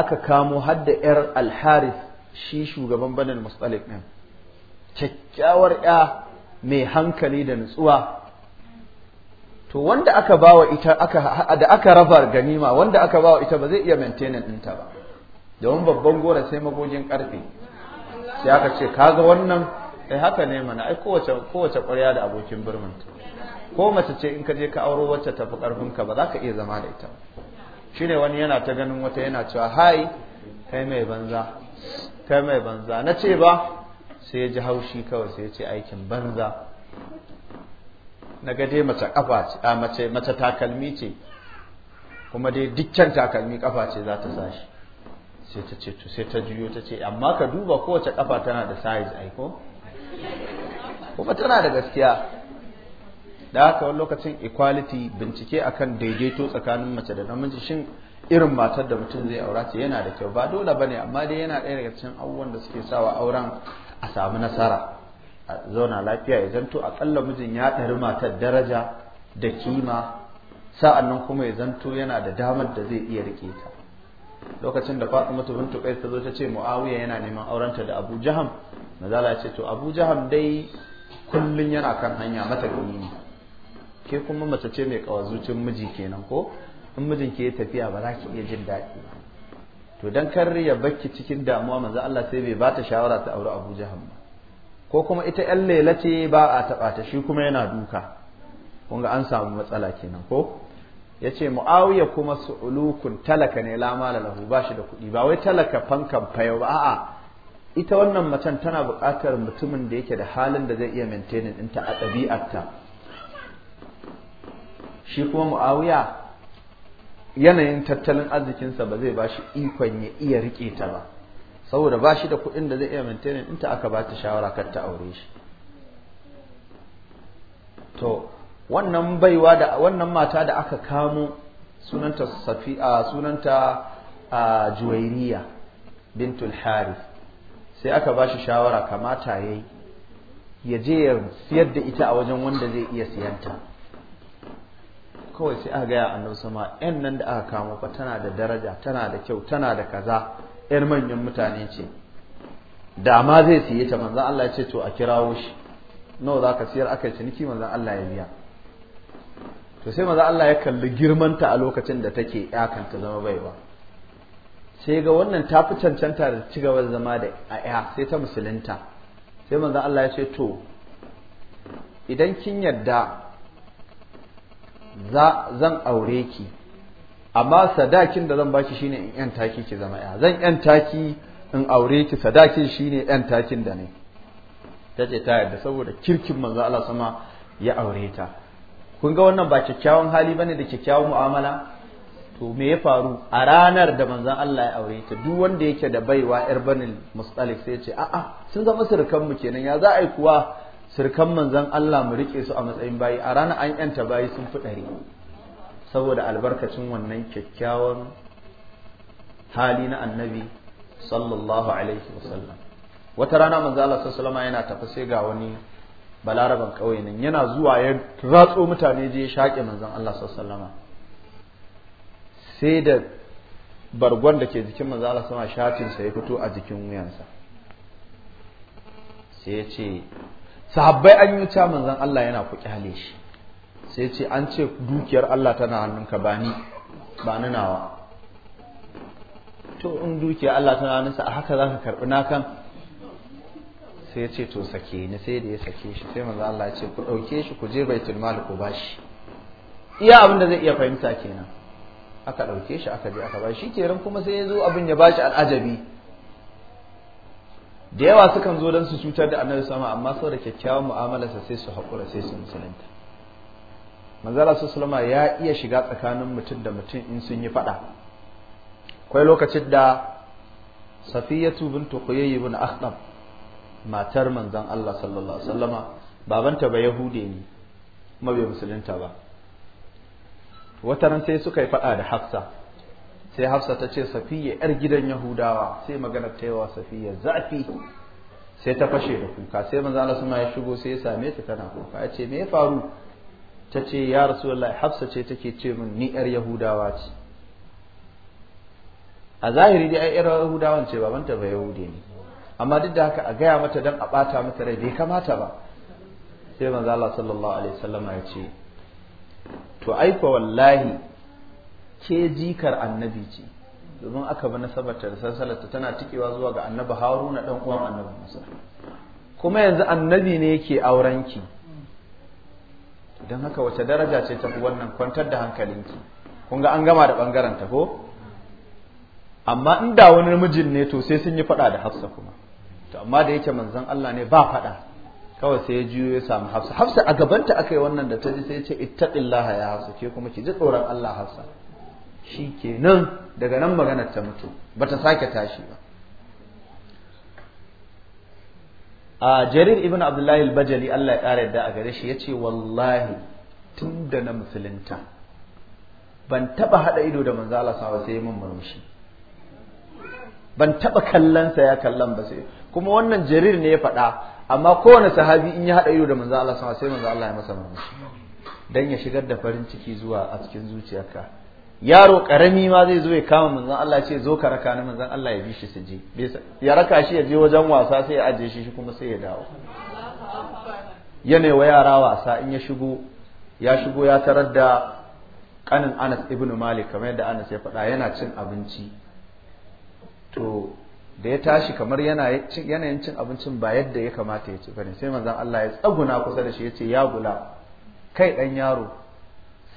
aka kamo har da yar alharis shi shugaban banul mustalik din kyakkyawar ya mai hankali da nutsuwa to wanda aka bawa ita aka da aka raba ganima wanda aka bawa ita ba zai iya maintenance ɗinta ba domin babban gora sai magogin karfe sai aka ce kaga wannan eh haka ne mana ai kowace kowace ƙwarya da abokin birnin ko mace ce in ka je ka auro wacce ta fi karfin ka ba za ka iya zama da ita shine wani yana ta ganin wata yana cewa hai kai mai banza kai mai banza na ce ba sai ya ji haushi kawai sai ya ce aikin banza na ga dai mace kafa ce a mace mace takalmi ce kuma dai dukkan takalmi kafa ce za ta sashi sai ta ce to sai ta juyo ta ce amma ka duba kowace kafa tana da size ai ko kuma tana da gaskiya da haka wani lokacin equality bincike akan daidaito tsakanin mace da namiji shin irin matar da mutum zai aura ce yana da kyau ba dole ba ne amma dai yana ɗaya daga cikin abubuwan da suke sawa auren a samu nasara a zauna lafiya ya zanto akalla mijin ya ɗari matar daraja da kima sa'annan kuma ya zanto yana da damar da zai iya rike ta lokacin da Fatima bintu kai ta zo ta ce Muawiya yana neman aurenta da Abu Jaham mazala ce to Abu Jaham dai kullum yana kan hanya mata ne ke kuma mace ce mai kawazucin miji kenan ko in mijin ke tafiya ba za ki iya jin daɗi to dan kar ya bakki cikin damuwa maza Allah sai bai bata shawara ta auri Abu Jaham ba ko kuma ita ƴan lela ce ba a taɓa ta shi kuma yana duka kun ga an samu matsala kenan ko ya ce mu'awiya kuma su'ulukun talaka ne lama da lahu ba shi da kuɗi ba wai talaka fankan fayo ba a'a ita wannan macen tana buƙatar mutumin da yake da halin da zai iya maintaining ɗinta a ɗabi'arta shi kuma mu'awiya yanayin tattalin arzikinsa ba zai ba shi ikon ya iya riƙe ta ba saboda ba shi da kuɗin da zai iya maintaining inta aka ba ta shawara kar ta aure shi wannan baiwa da wannan mata da aka kamo sunanta safi'a sunanta juwairiya bintul harith sai aka ba shi shawara kamata yayi ya je ya siyar da ita a wajen wanda zai iya siyanta kawai sai aka gaya annabi sama yan nan da aka kamo fa tana da daraja tana da kyau tana da kaza 'Yan manyan mutane ce da ma zai siye ta manzon Allah ya ce to a kirawo shi nawa zaka siyar aka yi ciniki manzon Allah ya biya to sai maza Allah ya kalli girmanta a lokacin da take yakanta ta zama baiwa sai ga wannan ta fi cancanta da ci gaba zama da ya sai ta musulunta sai maza Allah ya ce to idan kin yarda zan aure ki amma sadakin da zan baki shine in yan taki ki zama ya zan yan taki in aure ki sadakin shine yan takin da ne ce ta yarda saboda kirkin manzo Allah sama ya aure ta kun ga wannan ba kyakkyawan hali bane da kyakkyawan mu'amala to me ya faru a ranar da manzon Allah ya aure ta duk wanda yake da baiwa yar banin mustalif sai ya ce a'a sun zama surukan mu kenan ya za a yi kuwa surukan manzon Allah mu rike su a matsayin bayi a ranar an yanta bayi sun fi ɗari saboda albarkacin wannan kyakkyawan hali na annabi sallallahu alaihi wasallam wata rana manzon Allah sallallahu alaihi wasallam yana tafi sai ga wani balaraban ƙauye nan yana zuwa ya ratso mutane je ya shaƙe manzon Allah sallama sai da bargon da ke jikin manzon Allah sama shatin sa ya fito a jikin wuyansa sai ya ce sahabbai an yi ta manzon Allah yana ku kyale shi sai ya ce an ce dukiyar Allah tana hannunka ba ni ba ni nawa to in dukiyar Allah tana hannunsa a haka za ka karɓi nakan sai ya ce to sake ni sai da ya sake shi sai manzo Allah ya ce ku dauke shi ku je baitul mal ku bashi iya abin da zai iya fahimta kenan aka dauke shi aka je aka bashi kenan kuma sai ya zo abin ya bashi al'ajabi da yawa sukan zo don su cutar da annabi sama amma da kyakkyawan mu'amalarsa sai su haƙura sai su musulunta manzala su sulama ya iya shiga tsakanin mutum da mutum in sun yi faɗa akwai lokacin da safiyatu bintu tukuyayi bin akhtab matar manzon Allah sallallahu alaihi wasallama babanta ba yahude ne kuma bai musulunta ba wata ran sai suka yi fada da Hafsa sai Hafsa ta ce Safiya yar gidan Yahudawa sai magana ta yawa Safiya zafi sai ta fashe da kuka sai manzon Allah sama ya shigo sai ya same ta tana kuka ya ce me ya faru ta ce ya rasulullahi Hafsa ce take ce min ni yar Yahudawa ce a zahiri dai ai yar Yahudawan ce babanta ba Yahude ne amma duk da haka a gaya mata don a bata mata rai bai kamata ba sai manzo Allah sallallahu alaihi wasallam ya ce to aiko wallahi ke jikar annabi ce domin aka bi nasabarta da tana tikewa zuwa ga annabi haruna dan uwan annabi musa kuma yanzu annabi ne yake aurenki don haka wace daraja ce tafi wannan kwantar da hankalinki kun ga an gama da bangaren ta ko amma inda wani mijin ne to sai sun yi faɗa da hafsa kuma to amma da yake manzon Allah ne ba faɗa kawai sai ya juyo ya samu Hafsa Hafsa a gabanta aka yi wannan da ta ji sai ya ce ittaqillaha ya Hafsa ke kuma ki ji tsoron Allah Hafsa shikenan daga nan maganar ta mutu bata sake tashi ba a Jarir ibn Abdullahi al-Bajali Allah ya kare yadda a gare shi yace wallahi tunda na musulunta ban taba hada ido da manzo Allah sai mun murmushi ban taba kallansa ya kallan ba sai kuma wannan jarir ne ya faɗa amma kowane sahabi in ya haɗa ido da manzo Allah sama sai manzo Allah ya masa murmushi dan ya shigar da farin ciki zuwa a cikin zuciyarka yaro karami ma zai zo ya kama manzon Allah ce zo ka raka ni manzon Allah ya bi shi su je ya raka shi ya je wajen wasa sai ya aje shi shi kuma sai ya dawo yana wa yara wasa in ya shigo ya shigo ya tarar da ƙanin Anas ibn Malik kamar yadda Anas ya faɗa yana cin abinci to da ya tashi kamar yanayin cin abincin ba yadda ya kamata ya ci bane sai manzon Allah ya tsaguna kusa da shi ya ce ya gula kai dan yaro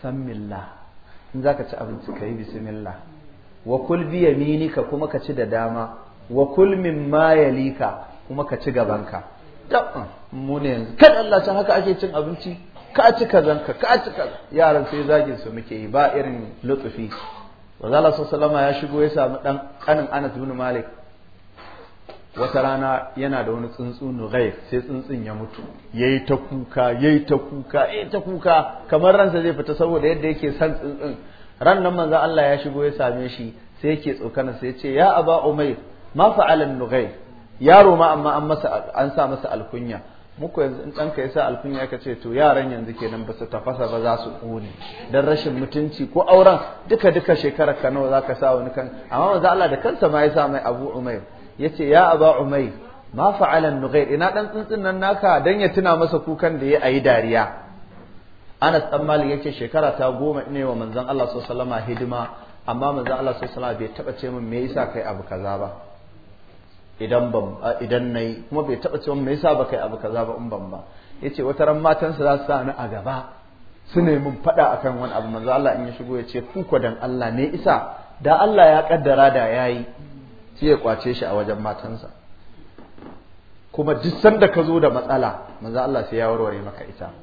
san millah in zaka ci abinci kai bismillah wa kul bi yaminika kuma ka ci da dama wa kul mimma yalika kuma ka ci gabanka dabban mu ne yanzu kada Allah san haka ake cin abinci ka ci kazanka ka ci kaza yaran sai zagin su muke yi ba irin lutufi Wazala sallallahu ya shigo ya samu ɗan ƙanin Anas bin Malik wata rana yana da wani tsuntsu nughair sai tsuntsun ya mutu yayi ta kuka yayi ta kuka yayi ta kuka kamar ransa zai fita saboda yadda yake san tsuntsun ran nan manzo Allah ya shigo ya same shi sai yake tsokana sai ya ce ya aba umayr ma fa'ala nughair yaro ma amma an sa masa alkunya muku yanzu in ɗanka ya sa alkunya ka ce to yaran yanzu kenan ba su tafasa ba za su ƙone don rashin mutunci ko auren duka duka shekarar ka za ka sa wani kan amma manzo Allah da kansa ma ya sa mai Abu Umair yace ya aba umayr ma fa'alan nughair ina dan tsuntsun nan naka dan ya tuna masa kukan da ya ayi dariya Anas dan Malik yace shekara ta goma ne wa manzon Allah sallallahu alaihi hidima amma manzon Allah sallallahu alaihi bai taba ce min me yasa kai abu kaza ba idan ban idan nayi kuma bai taba ce min me yasa ba kai abu kaza ba in ban ba yace wata ran matan su za su sa ni a gaba su ne mun fada akan wani abu manzon Allah in ya shigo ya ce ku dan Allah ne isa da Allah ya kaddara da yayi sai ya kwace shi a wajen matansa kuma duk sanda ka zo da matsala manzo Allah sai ya warware maka ita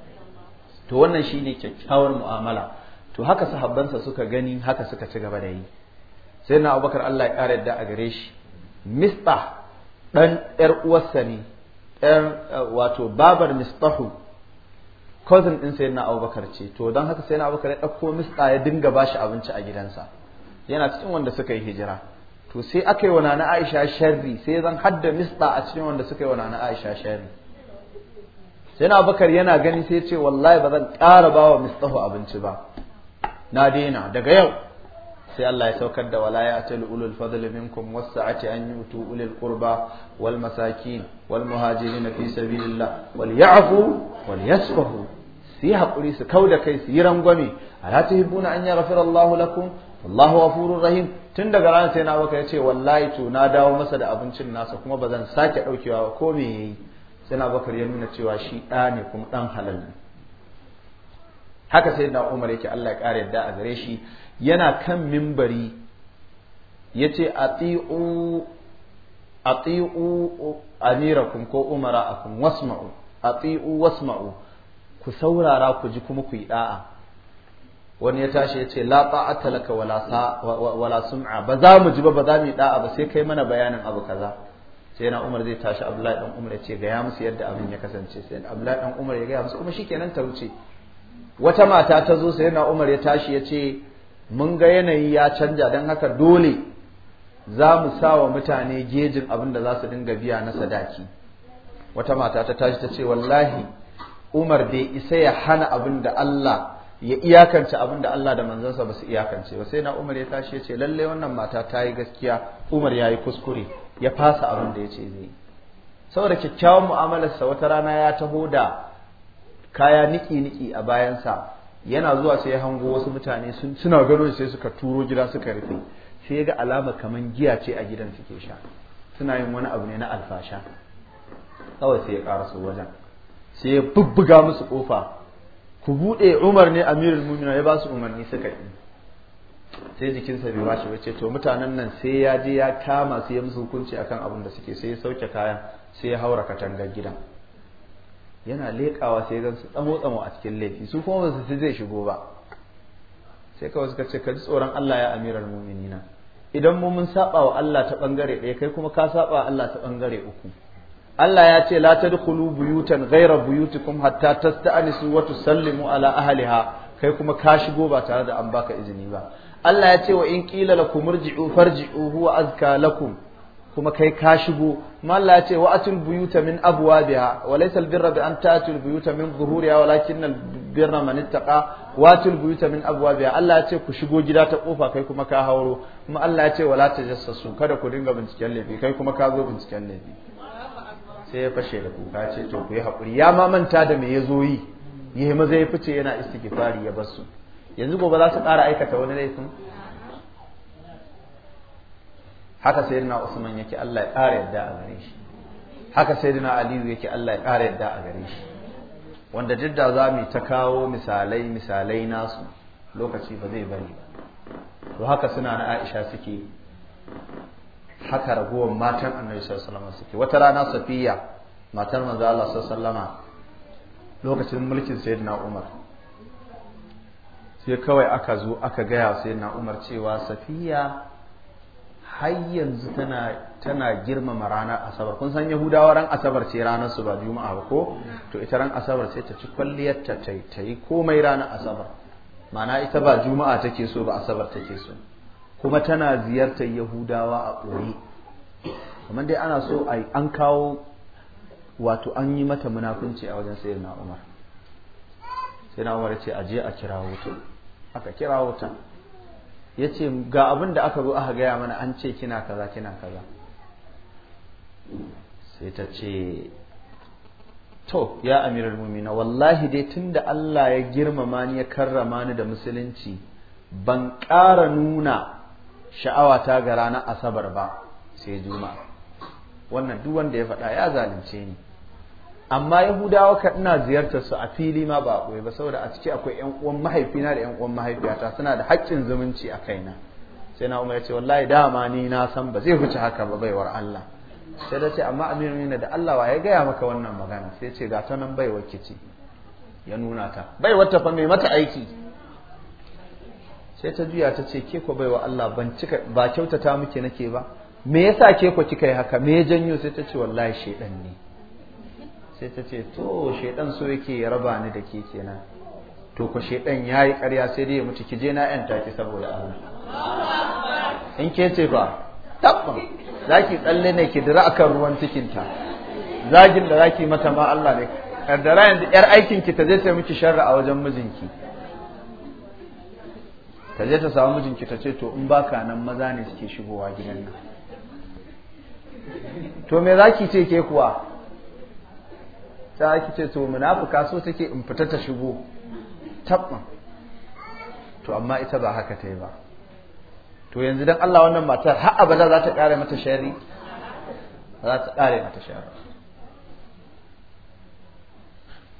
to wannan shine kyakkyawar mu'amala to haka sahabbansa suka gani haka suka ci gaba da yi sai na Abubakar Allah ya ƙara yadda a gare shi mista dan yar uwarsa ne yar eh, wato babar mistahu cousin din sayyidina Abubakar ce to dan haka sayyidina Abubakar ya dauko mista ya dinga bashi abinci a gidansa yana cikin wanda suka yi hijira to sai aka yi wa nana Aisha sharri sai zan hadda mista a cikin wanda suka yi wa nana Aisha sharri sai na bakar yana gani sai ce wallahi ba zan ƙara ba wa abinci ba na daina daga yau sai Allah ya saukar da walaya ta ulul fadl minkum wasa'ati an yutu ulul qurba wal masakin wal muhajirin fi sabilillah wal ya'fu wal yasfahu su hakuri su kau da kai su yi rangwame ala la tuhibbuna an yaghfira Allahu lakum Allahu ghafurur rahim tun daga ranar sai na baka yace wallahi to na dawo masa da abincin nasa kuma bazan sake daukewa ba ko me yayi sai na bakar ya nuna cewa shi da ne kuma dan halal ne haka sai da Umar yake Allah ya kare yadda a gare shi yana kan mimbari yace ati'u ati'u amirakum ko akum wasma'u ati'u wasma'u ku saurara ku ji kuma ku yi da'a wani ya tashi ya ce la ta'ata laka wala sum'a ba za mu ji ba ba za mu yi da'a ba sai kai mana bayanin abu kaza sai na Umar zai tashi Abdullahi dan Umar ya ce ga ya musu yadda abin ya kasance sai Abdullahi dan Umar ya ga musu kuma shikenan ta wuce wata mata ta zo sai na Umar ya tashi ya ce mun ga yanayi ya canja dan haka dole za mu sa wa mutane gejin abin da za su dinga biya na sadaki wata mata ta tashi ta ce wallahi Umar bai isa ya hana abin da Allah ya iyakance abin da Allah da manzansa ba su iyakance ba sai na Umar ya tashi ya ce lalle wannan mata ta yi gaskiya Umar ya yi kuskure ya fasa abin da ya ce zai saboda kyakkyawan mu'amalarsa wata rana ya taho da kaya niki-niki a bayansa yana zuwa sai ya hango wasu mutane suna gano sai suka turo gida suka rufe sai ya ga alama kaman giya ce a gidan suke sha suna yin wani abu ne na alfasha kawai sai ya su wajen sai ya bubbuga musu kofa ku buɗe Umar ne Amirul Mu'minin ya ba su umarni suka yi sai jikinsa bai bashi ba ce to mutanen nan sai ya je ya kama su ya musu hukunci akan abin da suke sai ya sauke kayan sai ya haura katangar gidan yana leƙawa sai gan su tsamo tsamo a cikin laifi su kuma ba su zai shigo ba sai kawai suka ce ka ji tsoron Allah ya amiral mu'minina idan mu mun saba wa Allah ta bangare ɗaya kai kuma ka saba Allah ta bangare uku Allah ya ce la tadkhulu buyutan ghayra buyutikum hatta tasta'nisu wa tusallimu ala ahliha kai kuma ka shigo ba tare da an baka izini ba Allah ya ce wa in qila lakum irji'u farji'u huwa azka lakum kuma kai ka shigo kuma Allah ya ce wa atul buyuta min abwabiha wa laysa al birra bi an ta'tul buyuta min zuhuriha walakin al birra man ittaqa wa atul buyuta min abwabiha Allah ya ce ku shigo gida ta kofa kai kuma ka hauro kuma Allah ya ce wala tajassasu kada ku dinga binciken laifi kai kuma ka zo binciken laifi sai ya fashe da kuka ce to ku yi haƙuri ya ma manta da me ya zo yi ya maza ya fice yana istighfari ya bar su yanzu gobe za su ƙara aikata wani laifin haka sayyidina Usman yake Allah ya ƙara yadda a gare shi haka sayyidina Aliyu yake Allah ya ƙara yadda a gare shi wanda duk da za mu ta kawo misalai misalai nasu lokaci ba zai bari ba to haka suna na Aisha suke haka ragowar matan annabi sallallahu alaihi wasallam suke wata rana safiya matar manzo Allah sallallahu alaihi wasallama lokacin mulkin sayyidina Umar sai kawai aka zo aka gaya sayyidina Umar cewa safiya har yanzu tana tana girmama ranar asabar kun san yahudawa ran asabar ce ranar su ba juma'a ba ko to ita ran asabar sai ta ci kwalliyar ta ta yi komai ranar asabar mana ita ba juma'a take so ba asabar take so kuma tana ziyartar yahudawa a ɓoye kuma dai ana so an kawo wato an yi mata munafunci a wajen sayar na umar Sai na umar ce a a kirawo ta aka kirawo ta ya ce ga abin da aka zo aka gaya mana an ce kina kaza kina kaza sai ta ce to ya amirar mumina wallahi dai tun da Allah ya girmama ni ya karrama ni da musulunci ban ƙara nuna sha'awa ta ga ranar asabar ba sai juma. wannan duk wanda ya faɗa ya zalunce ni amma yahudawa ka ina ziyartar su a fili ma ba koyi ba saboda a ciki akwai yan uwan mahaifina da yan uwan mahaifiyata suna da haƙƙin zumunci a kaina sai na umar ya ce wallahi dama ni na san ba zai huce haka ba baiwar Allah sai da ce amma aminu da Allah wa ya gaya maka wannan magana sai ce ga ta nan baiwar kici ya nuna ta baiwar ta fa mai mata aiki sai ta juya ta ce ke ko baiwa Allah ban cika ba kyautata muke nake ba me yasa ke ko kika yi haka me ya janyo sai ta ce wallahi shedan ne sai ta ce to shedan so yake ya raba ni da ke kenan to ko shedan yayi ƙarya sai dai ya mutu ki je na yan ki saboda Allah in ke ce ba tabban zaki tsalle ne ki dira akan ruwan cikinta zagin da zaki mata ma Allah ne kaddara da yar aikin ki ta zai ta miki sharra a wajen mijinki ta je ta samu mijinki ta ce to in baka nan maza ne suke shigowa gidan nan to me ki ce ke kuwa ta ake ce to munafuka so take in fita ta shigo tabban to amma ita ba haka ta yi ba to yanzu dan Allah wannan matar har abada za ta kare mata shari za ta kare mata shari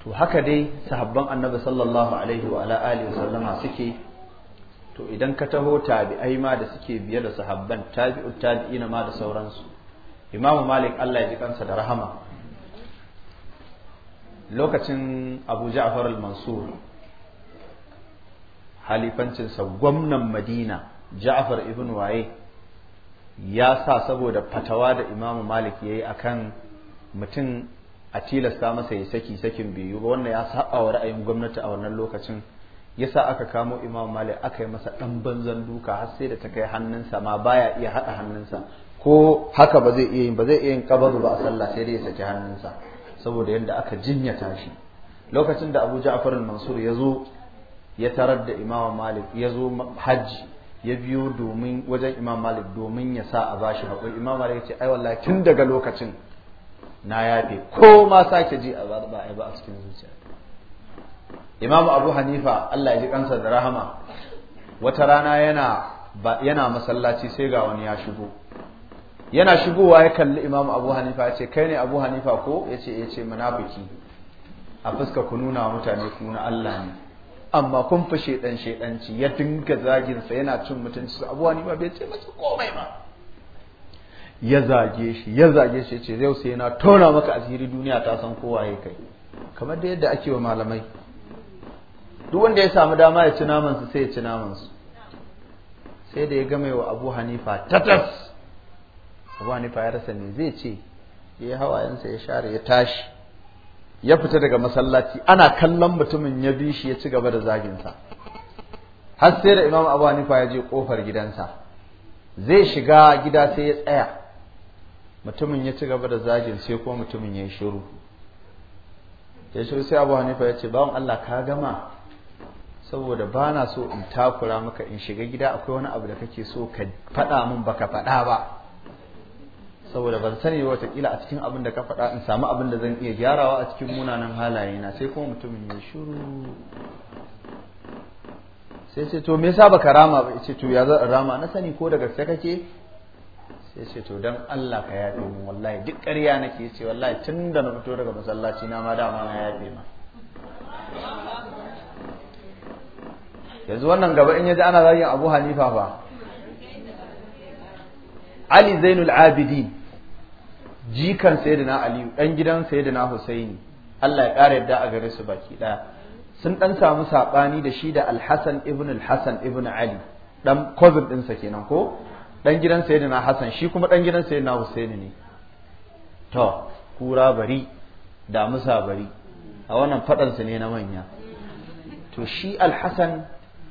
to haka dai sahabban annabi sallallahu alaihi wa ala alihi sallama suke to idan ka taho tabi'ai ma da suke biye da sahabban tabi'i tabi'ina ma da sauransu imamu malik Allah ya ji kansa da rahama lokacin abu ja'far al-mansur halifancinsa gwamnan madina ja'far ibn waye ya sa saboda fatawa da imamu malik yayi yi a mutum a tilasta masa ya saki sakin biyu wannan ya saba wa ra'ayin gwamnati a wannan lokacin yasa aka kamo imam malik aka yi masa dan banzan duka har sai da ta kai hannunsa ma baya iya hada hannunsa ko haka ba zai iya yin ba zai iya yin kabaru ba a sallah sai dai ya saki hannunsa saboda yadda aka jinyata shi lokacin da Abu Ja'far al-Mansur ya zo ya tarar da Imam Malik ya zo hajji ya biyo domin wajen Imam Malik domin ya sa a bashi haƙuri Imam Malik ya ce ai wallahi tun daga lokacin na yafe ko ma sake ji a ba ba a cikin zuciya imamu abu hanifa allah ya ji kansa da rahama wata rana yana yana masallaci sai ga wani ya shigo yana shigowa ya kalli imamu abu hanifa ya ce kai ne abu hanifa ko ya ce ya eh, ce munafiki a fuska ku nuna mutane ku na allah ne amma kun fi shedan shedanci ya dinga zaginsa yana cin mutunci abu hanifa bai ce masa komai ba ya zage shi ya zage shi ce yau sai na tona maka asiri duniya ta san kowa ya kai kamar da yadda ake wa malamai duk wanda ya samu dama ya ci namansu sai ya ci namansu sai da ya game wa Abu Hanifa tatas Abu Hanifa ya rasa ne zai ce ya yi hawayensa ya share ya tashi ya fita daga masallaci ana kallon mutumin ya bi shi ya ci gaba da zaginsa har sai da Imam Abu Hanifa ya je kofar gidansa zai shiga gida sai ya tsaya mutumin ya ci gaba da zagin sai kuma mutumin ya yi shiru ya shiru sai Abu Hanifa ya ce bawan Allah ka gama saboda ba na so in takura maka in shiga gida akwai wani abu da kake so ka faɗa min baka faɗa ba saboda ban sani ba watakila a cikin abin da ka faɗa in samu abin da zan iya gyarawa a cikin munanan halaye na sai kuma mutumin ya shiru sai ce to me yasa baka rama ba ce to ya zan rama na sani ko daga sai kake sai ce to dan Allah ka yafe min wallahi duk ƙarya nake ce wallahi tun da na fito daga masallaci na ma dama na yafe ma yanzu wannan gaba in yaji ana zagin abu hanifa ba ali zainul abidin jikan sayyidina aliyu dan gidan sayyidina husaini Allah ya kara yadda a gare su baki daya sun dan samu sabani da shi da alhassan ibn alhassan ibn ali dan cousin ɗinsa kenan ko dan gidan sayyidina hassan shi kuma dan gidan sayyidina husaini ne to kura bari damusa bari a wannan su ne na manya to shi alhassan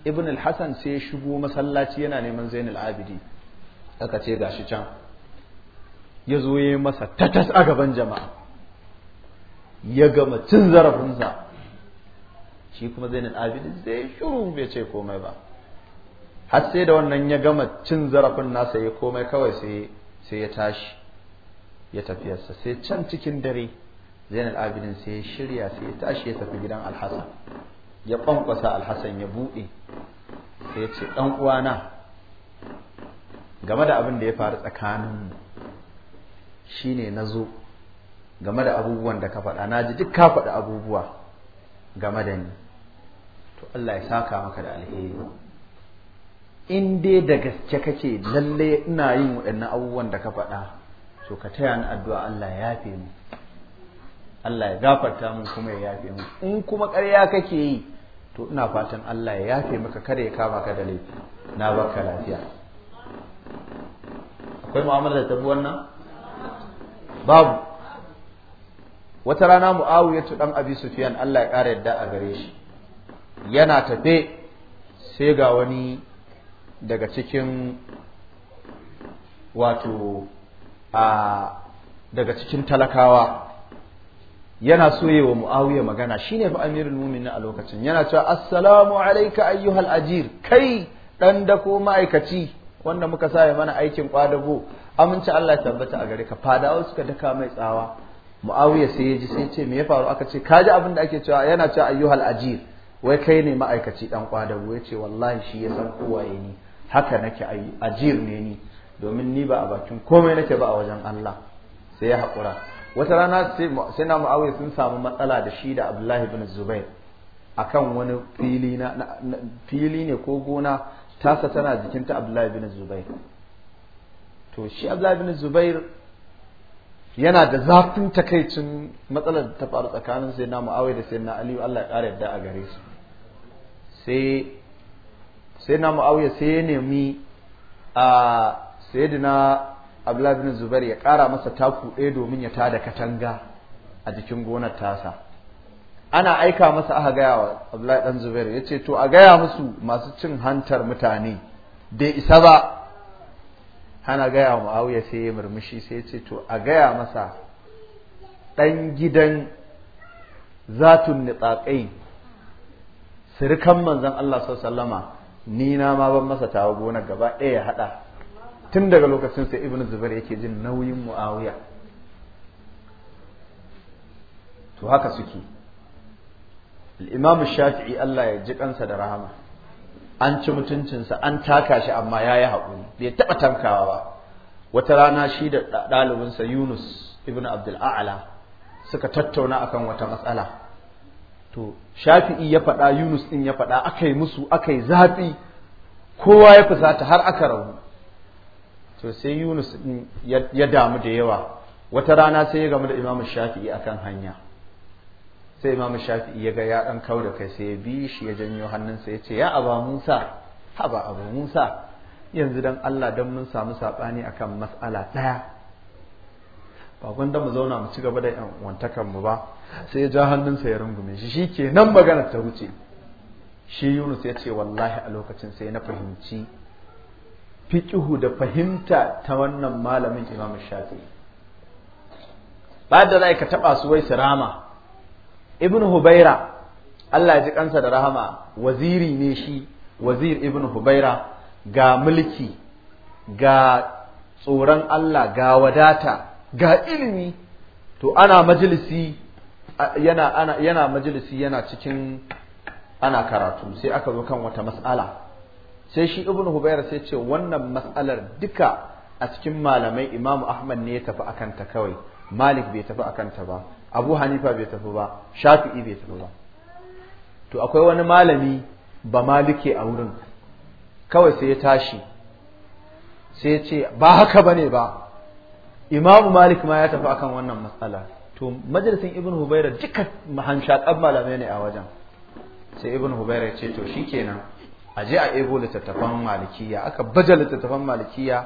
ibn al-hasan sai ya shigo masallaci yana neman zainul abidi aka ce gashi can ya zo ya yi masa tatas a gaban jama'a ya gama cin zarafinsa shi kuma zainul abidi zai shiru bai ce komai ba har sai da wannan ya gama cin zarafin nasa ya komai kawai sai sai ya tashi ya tafiyarsa sai can cikin dare zainal abidin sai ya shirya sai ya tashi ya tafi gidan alhassan ya kwankwasa alhassan ya buɗe sai ya ce ɗan uwana game da abin da ya faru tsakanin shine na zo game da abubuwan da ka faɗa na ji duk ka faɗi abubuwa game da ni to Allah ya saka maka da alheri in dai da gaske kake lalle ina yin waɗannan abubuwan da ka faɗa to ka taya ni addu'a Allah ya yafe mu Allah ya gafarta mu kuma ya yafe mu in kuma ƙarya kake yi to ina fatan Allah ya yafe maka kada ya kama ka da laifi na baka lafiya akwai mu'amala da tabu wannan babu wata rana mu'awu ya dan abi sufyan Allah ya kara yadda a gare shi yana tafe sai ga wani daga cikin wato a daga cikin talakawa yana so yi wa mu'awiya magana shine fa amirul mu'minin a lokacin yana cewa assalamu alaika ayyuhal ajir kai ɗan da ko ma'aikaci wanda muka sa mana aikin kwadago aminci Allah ya tabbata a gare ka fadawa suka daka mai tsawa mu'awiya sai ya ji sai ce me ya faru aka ce kaji abin da ake cewa yana cewa ayyuhal ajir wai kai ne ma'aikaci ɗan kwadago ya ce wallahi shi ya san kowaye ni haka nake ajir ne ni domin ni ba a bakin komai nake ba a wajen Allah sai ya haƙura wata rana sai na ma'awai sun samu matsala da shi da abdullahi bin zubair akan wani fili na fili ne ko gona tasa tana jikin ta abdullahi bin zubair to shi abdullahi bin zubair yana da zafin takaicin matsalar da ta faru tsakanin sai na ma'awai da sai na aliyu Allah ya ƙara yadda a gare su sai sai na ma'awai sai ya nemi a sayyidina Abdullahi bin Zubair ya ƙara masa taku ɗaya domin ya tada katanga a jikin gonar tasa ana aika masa aka gaya wa Abdullahi dan Zubair ya ce to a gaya musu masu cin hantar mutane da isa ba ana gaya wa Muawiya sai ya murmushi sai ya ce to a gaya masa ɗan gidan zatun nitsaƙai sirikan manzon Allah wasallama ni na ma ban masa tawo gonar gaba ɗaya ya haɗa tun daga lokacin sai ibn zubair yake jin nauyin muawiya to haka suke imam shafi'i Allah ya ji kansa da rahama an ci mutuncinsa an taka shi amma ya yi haƙuri bai taɓa tankawa ba wata rana shi da ɗalibinsa yunus ibn abdul a'la suka tattauna akan wata matsala to shafi'i ya faɗa yunus ɗin ya faɗa aka musu aka zafi kowa ya fusata har aka rabu to sai Yunus ya damu da yawa wata rana sai ya gamu da Imam Shafi'i akan hanya sai Imam Shafi'i ya ga ya dan da kai sai ya bi shi ya janyo hannunsa ya ce ya Aba Musa haba Abu Musa yanzu dan Allah dan mun samu sabani akan mas'ala ɗaya. ba gwanda mu zauna mu ci gaba da yan wantakan mu ba sai ya ja hannunsa ya rungume shi shikenan magana ta wuce shi Yunus ya ce wallahi a lokacin sai na fahimci fiƙihu da fahimta ta wannan malamin imam shafi bayan da za ka taɓa su wai su rama ibn hubaira Allah ya ji kansa da rahama waziri ne shi wazir ibn hubaira ga mulki ga tsoron Allah ga wadata ga ilimi to ana majalisi yana yana majalisi yana cikin ana karatu sai aka zo kan wata mas'ala sai shi ibnu Hubaira sai ce wannan mas'alar duka a cikin malamai imamu ahmad ne ya tafi akan ta kawai malik bai tafi akan ba abu hanifa bai tafi ba shafi'i bai tafi ba to akwai wani malami ba malike a wurin kawai sai ya tashi sai ya ce ba haka bane ba imamu malik ma ya tafi akan wannan matsala to majalisin ibn hubaira duka mahanshaƙan malamai ne a wajen sai ibn hubaira ya ce to shikenan a je a ebo littattafan malikiya aka baje littattafan malikiya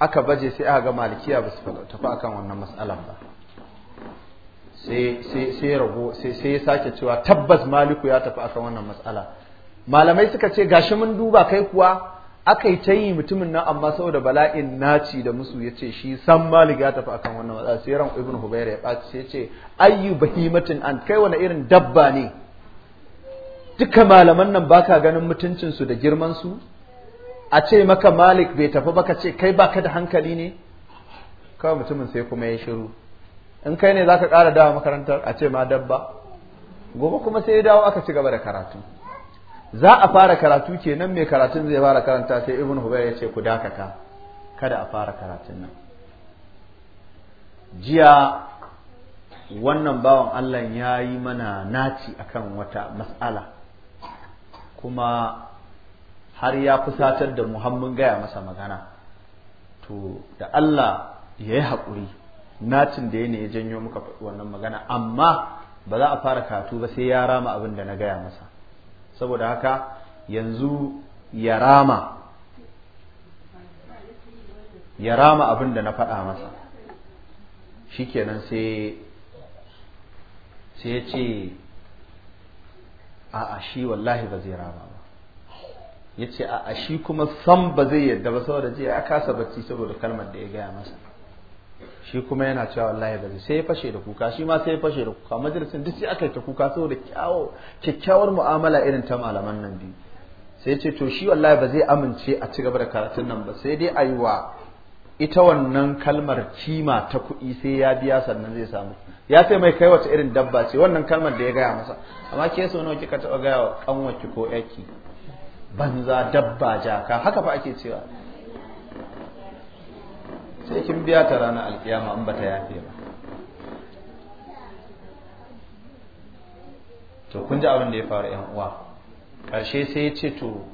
aka baje sai aka ga malikiya ba su tafi akan wannan matsalan ba sai rago sai ya sake cewa tabbas maliku ya tafi akan wannan matsala malamai suka ce gashi mun duba kai kuwa aka yi ta yi mutumin nan amma saboda bala'in naci da musu ya ce shi san malik ya tafi akan wannan matsala sai ran ibn hubayra ya ɓaci sai ya ce ayyu bahimatin an kai wani irin dabba ne duka malaman nan baka ganin mutuncinsu da girmansu a ce maka malik bai tafi baka ce kai baka da hankali ne kawai mutumin sai kuma ya shiru in kai ne za ka kara dawa makarantar a ce ma dabba gobe kuma sai ya dawo aka ci gaba da karatu za a fara karatu ke nan mai karatun zai fara karanta sai ibn hubayr ya ce ku dakata kada a fara karatun nan jiya wannan bawan Allah ya yi mana naci akan wata mas'ala kuma har ya fusatar da muhammin gaya masa magana to da Allah ya yi haƙuri nacin da ya ne ya janyo muka wannan magana amma ba za a fara katu ba sai ya rama abin da na gaya masa saboda haka yanzu ya rama ya rama abin da na faɗa masa Shi kenan sai ya ce a'a shi wallahi ba zai rama ba ya ce a'a shi kuma sam ba zai yadda ba saboda jiya ya kasa bacci saboda kalmar da ya gaya masa shi kuma yana cewa wallahi ba zai sai ya fashe da kuka shi ma sai ya fashe da kuka majalisin duk sai aka yi ta kuka saboda kyawo kyakkyawar mu'amala irin ta malaman nan biyu sai ce to shi wallahi ba zai amince a ci gaba da karatun nan ba sai dai a yi wa ita wannan kalmar kima ta kuɗi sai ya biya sannan zai samu ya ce mai kai wace irin dabba ce wannan kalmar da ya gaya masa amma ke so nawa kika taɓa gaya wa kanwarki ko yaki banza dabba jaka haka fa ake cewa sai kin biya ta ranar alkiyama an bata yafe ba to kun ji abin da ya faru yan uwa ƙarshe sai ya ce to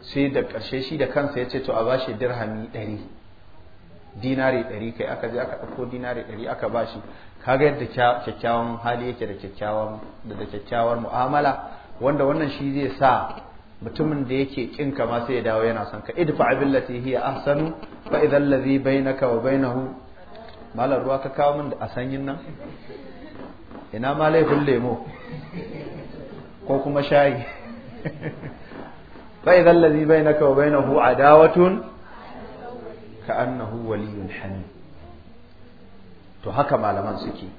sai da ƙarshe shi da kansa ya ce to a bashi dirhami 100 dinari ɗari kai aka je aka ɗauko dinari ɗari aka bashi kaga yadda kyakkyawan hali yake da kyakkyawan da kyakkyawar mu'amala wanda wannan shi zai sa mutumin da yake kin ka ma sai ya dawo yana son ka idfa billati hiya ahsanu fa idhal ladhi bainaka wa bainahu malar ruwa ka kawo min da asanyin nan ina ma laifin lemo ko kuma shayi fa idhal ladhi bainaka wa bainahu adawatun ka annahu waliyyun hamim to haka malaman suke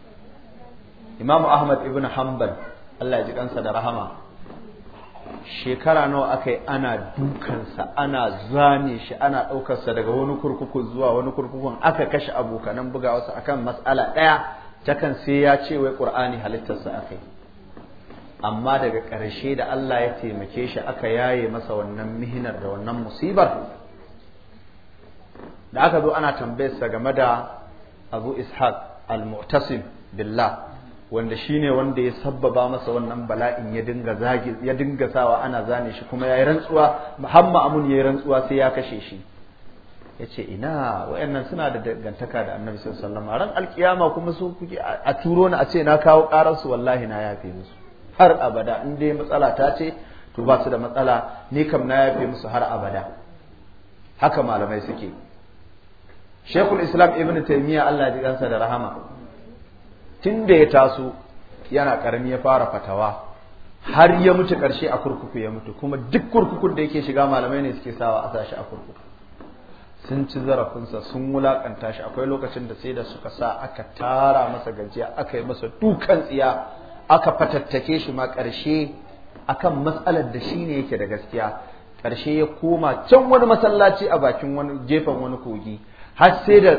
Imam Ahmad ibn Hanbal Allah ya ji kansa da rahama shekara nawa aka yi ana dukansa ana zane shi ana ɗaukarsa daga wani kurkukun zuwa wani kurkukun aka kashe abokanan buga wasu akan matsala ɗaya takan sai ya ce wai ƙur'ani halittarsa aka yi amma daga ƙarshe da Allah ya taimake shi aka yaye masa wannan mihinar da wannan musibar da aka zo ana tambayarsa game da abu ishaq al-mu'tasim billah wanda shine wanda ya sabbaba masa wannan bala'in ya dinga zagi ya dinga sawa ana zane shi kuma yayi rantsuwa Muhammad Amun yayi rantsuwa sai ya kashe shi yace ina wayannan suna da dangantaka da Annabi sallallahu alaihi wasallam ran alkiyama kuma su kuke a turo ni a ce na kawo karar wallahi na yafe musu har abada in dai matsala ta ce to ba su da matsala ni kam na yafe musu har abada haka malamai suke shekul islam ibn taimiyya allah ji kansa da rahama tun da ya taso yana karami ya fara fatawa har ya mutu karshe a kurkuku ya mutu kuma duk kurkukun da yake shiga malamai ne suke sawa a sashi a kurkuku sun ci zarafinsa sun wulakanta shi akwai lokacin da sai da suka sa aka tara masa gajiya aka yi masa dukan tsiya aka fatattake shi ma karshe akan matsalar da shi ne yake da gaskiya karshe ya koma can wani masallaci a bakin wani gefen wani kogi har sai da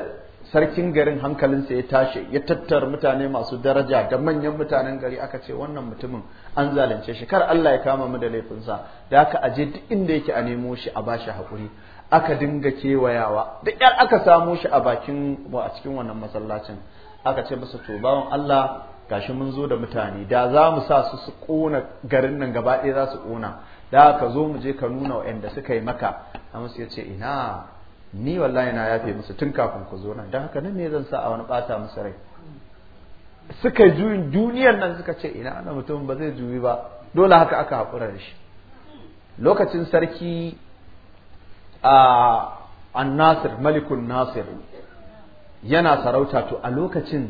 sarkin garin hankalinsa ya tashi ya tattara mutane masu daraja da manyan mutanen gari aka ce wannan mutumin an zalunce shi kar Allah ya kama mu da laifinsa da aka aje duk inda yake a nemo shi a bashi hakuri aka dinga kewayawa da yar aka samo shi a bakin a cikin wannan masallacin aka ce masa to bawan Allah gashi mun zo da mutane da za mu sa su su kona garin nan gaba ɗaya za su kona da ka zo mu je ka nuna waɗanda suka yi maka amma sai ya ce ina ni wallahi na yafe musu tun kafin ku zo nan don haka nan ne zan sa a wani bata musu rai suka juyi duniyar nan suka ce ina ana mutum ba zai juyi ba dole haka aka haƙura da shi lokacin sarki a annasir malikun nasir yana sarauta to a lokacin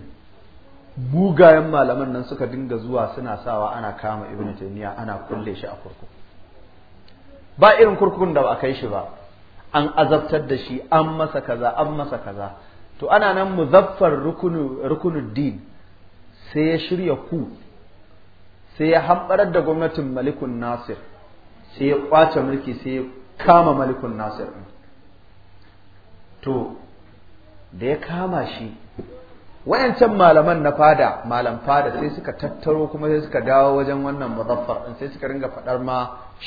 bugayen malaman nan suka dinga zuwa suna sawa ana kama ibn taymiya ana kulle shi a kurkuku ba irin kurkukun da ba a kai shi ba an azabtar da shi an masa kaza an masa kaza to ana nan muzaffar din sai ya shirya ku sai ya hambarar da gwamnatin malikun nasir sai ya kwace mulki sai ya kama malikun nasir to da ya kama shi wayancan malaman na fada malam fada sai suka tattaro kuma sai suka dawo wajen wannan muzaffar sai suka ringa faɗar ma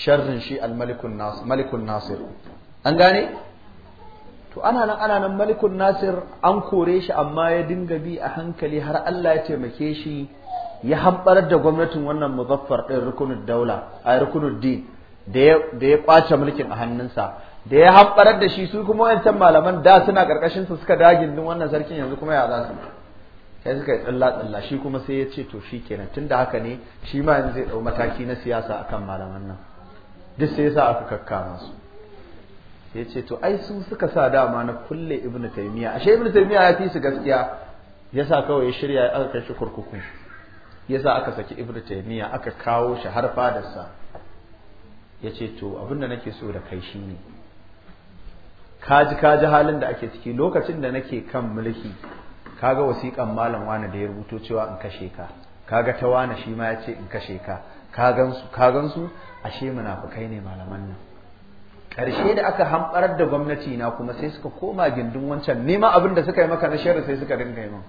sharrin shi al-malikun nasir an gane to ana nan ana nan malikun nasir an kore shi amma ya dinga bi a hankali har Allah ya taimake shi ya hambarar da gwamnatin wannan muzaffar din rukunud daula a rukunud din da ya kwace mulkin a hannunsa da ya hambarar da shi su kuma wancan malaman da suna karkashin su suka dagin din wannan sarkin yanzu kuma ya za sai suka tsalla tsalla shi kuma sai ya ce to shi kenan tunda haka ne shi ma yanzu zai dau mataki na siyasa akan malaman nan duk sai ya yasa aka kakkama su sai ce to ai su suka sa dama na kulle ibnu taymiya ashe ibnu taymiya ya fi su gaskiya yasa kawai ya shirya aka kai shi kurkuku yasa aka saki ibnu taymiya aka kawo shi har fadarsa yace to abin da nake so da kai shine kaji kaji halin da ake ciki lokacin da nake kan mulki kaga wasiƙan malam wani da ya rubuto cewa in kashe ka kaga ta wani shi ma ya ce in kashe ka ka gansu ka gansu ashe munafukai ne malaman nan ƙarshe da aka hamɓar da gwamnati na kuma sai suka koma gindin wancan nema abin da suka yi maka na shirin sai suka dinga yi min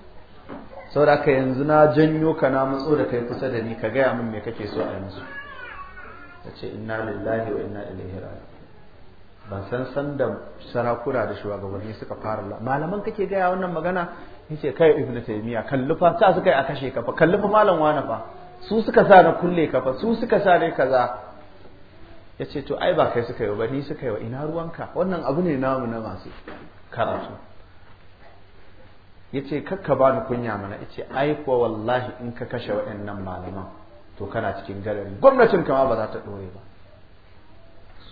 da aka yanzu na janyo ka na matso da kai kusa da ni ka gaya min me kake so a yanzu ta ce inna lillahi wa inna ilaihi raji'un ban san san da sarakuna da shugabanni suka fara la malaman kake gaya wannan magana ce kai ibnu taymiya kalli fa sa suka yi a kashe ka fa kalli fa malam wani fa su suka sa na kulle ka fa su suka sa ne kaza ya ce to ai ba kai suka yi ba ni suka yi wa ina ruwanka wannan abu ne namu na masu karatu ya ce kakka ba ni kunya mana ya ce ai kuwa wallahi in ka kashe waɗannan malaman to kana cikin gadari gwamnatin kama ba za ta ɗore ba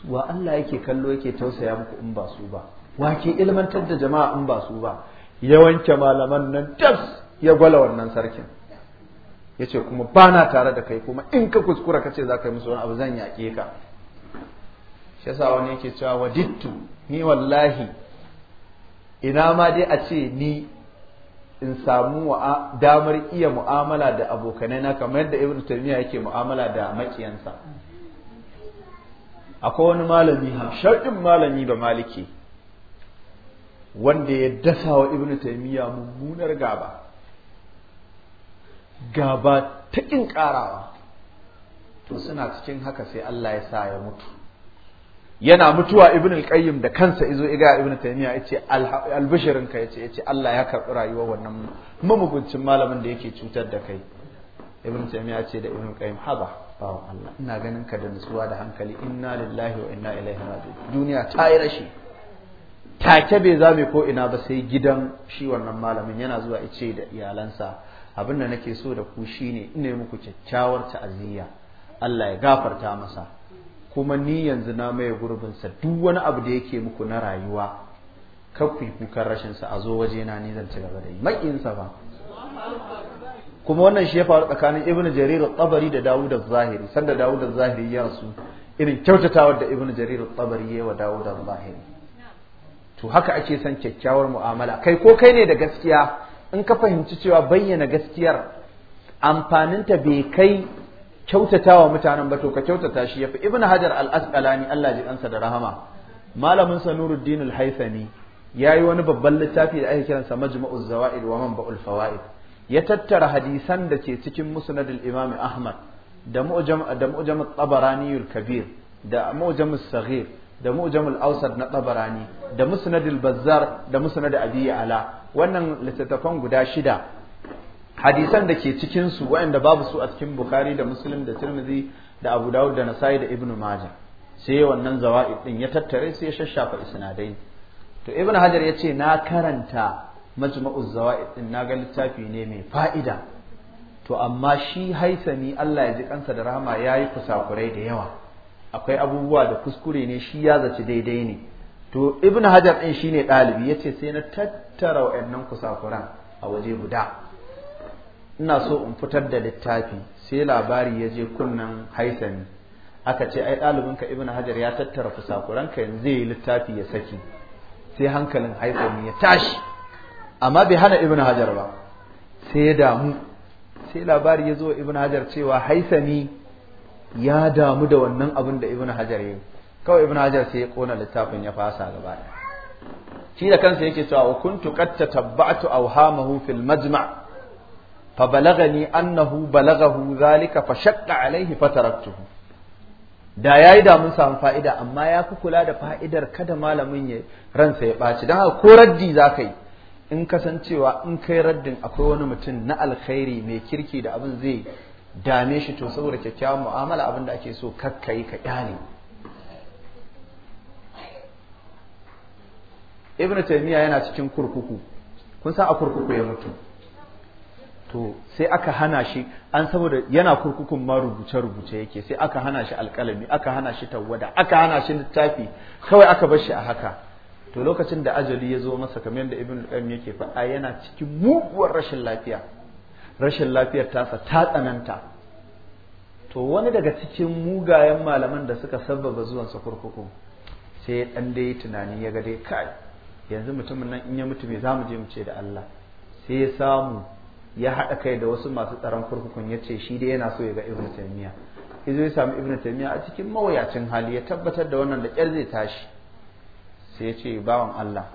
wa Allah yake kallo yake tausaya muku in ba su ba wa ke ilmantar da jama'a in ba su ba ya wanke malaman nan tas ya gwala wannan sarkin ya ce kuma ba na tare da kai kuma in ka kuskura ka ce za ka yi musu wani abu zan yaƙe ka shi yasa wani yake cewa wadittu ni wallahi ina ma dai a ce ni in samu damar iya mu'amala da abokanai na kamar yadda ibnu taymiya yake mu'amala da makiyansa akwai wani malami hamshakin malami ba maliki wanda ya dasa wa ibnu taymiya mummunar gaba gaba ta ƙin ƙarawa to suna cikin haka sai Allah ya sa ya mutu yana mutuwa ibn al-qayyim da kansa izo iga ibn taymiya yace al-bashirin ka yace yace Allah ya karbi rayuwar wannan mamuguncin malamin da yake cutar da kai ibn taymiya yace da ibn qayyim haba bawo Allah ina ganin ka da nutsuwa da hankali inna lillahi wa inna ilaihi raji'un duniya ta yi rashi take bai zame ko ina ba sai gidan shi wannan malamin yana zuwa yace da iyalansa abin da nake so da ku shine ina muku kyakkyawar ta'aziyya Allah ya gafarta masa kuma ni yanzu na maye gurbinsa duk wani abu da yake muku na rayuwa kar ku yi kukan rashinsa a zo waje na ni zan ci gaba da yi maƙinsa ba kuma wannan shi ya faru tsakanin ibn jarir al-tabari da dawud al-zahiri sanda dawud al-zahiri ya rasu irin kyautatawar da ibn jarir al-tabari ya wa dawud al-zahiri to haka ake son kyakkyawar mu'amala kai ko kai ne da gaskiya in ka fahimci cewa bayyana gaskiyar amfaninta bai kai Kyautata wa mutanen ba to ka kyautata shi ya fi ibnu hajar al-asqalani Allah ji kansa da rahama malamin sa nuruddin al-haythami yayi wani babban littafi da ake kiransa majmu'uz zawaid wa manba'ul fawaid ya tattara hadisan da ke cikin musnad al-imam ahmad da mu'jam da mu'jam at-tabarani al-kabir da mu'jam as-saghir da mu'jam al-awsat na tabarani da musnad al-bazzar da musnad abi ala wannan littattafan guda shida hadisan da ke cikin su waɗanda babu su a cikin bukhari da muslim da tirmidhi da abu dawud da nasai da ibnu majah sai wannan zawa'i din ya tattare sai ya shashafa isnadai to ibnu hajar yace na karanta majma'uz zawa'i din na ga littafi ne mai fa'ida to amma shi haisani Allah ya ji kansa da rahama yayi kusakurai da yawa akwai abubuwa da kuskure ne shi ya zaci daidai ne to ibnu hajar din shine dalibi yace sai na tattara wayannan kusakuran a waje guda ina so in fitar da littafi sai labari ya je kunnan haisani aka ce ai ɗalibinka ibn hajar ya tattara ka yanzu zai yi littafi ya saki sai hankalin haisani ya tashi amma bai hana ibn hajar ba sai ya damu sai labari ya zo ibn hajar cewa haisani ya damu da wannan abin da ibn hajar ya kawai ibn hajar sai ya kona littafin ya fasa gaba shi da kansa yake cewa wa kuntu qad tatabba'tu awhamahu fil majma' fa ni, annahu balagahu zalika fa shaqqa alaihi fa taraktuhu da yayi da mun samu fa'ida amma ya fi kula da fa'idar kada malamin ya ransa ya ɓaci dan haka ko raddi ka yi in kasancewa in kai raddin akwai wani mutum na alkhairi mai kirki da abin zai dame shi to saboda kyakkyawan mu'amala abin da ake so kakkayi ka kyale ibn taymiya yana cikin kurkuku kun san a kurkuku ya mutu to sai aka hana shi an saboda yana kurkukun ma rubuce-rubuce yake sai aka hana shi alkalami aka hana shi tawwada aka hana shi littafi kawai aka bar shi a haka to lokacin da ajali ya zo masa kamar yadda ibn qayyim yake faɗa yana cikin muguwar rashin lafiya rashin lafiyar tasa ta tsananta to wani daga cikin mugayen malaman da suka sabbaba sa kurkuku sai ya dan dai tunani ya ga dai kai yanzu mutumin nan in ya mutu me zamu je mu ce da Allah sai ya samu ya haɗa kai da wasu masu tsaron kurkukun ya ce shi dai yana so ya ga ibn taymiya izo ya samu ibn taymiya a cikin mawuyacin hali ya tabbatar da wannan da ƙyar zai tashi sai ya ce bawan Allah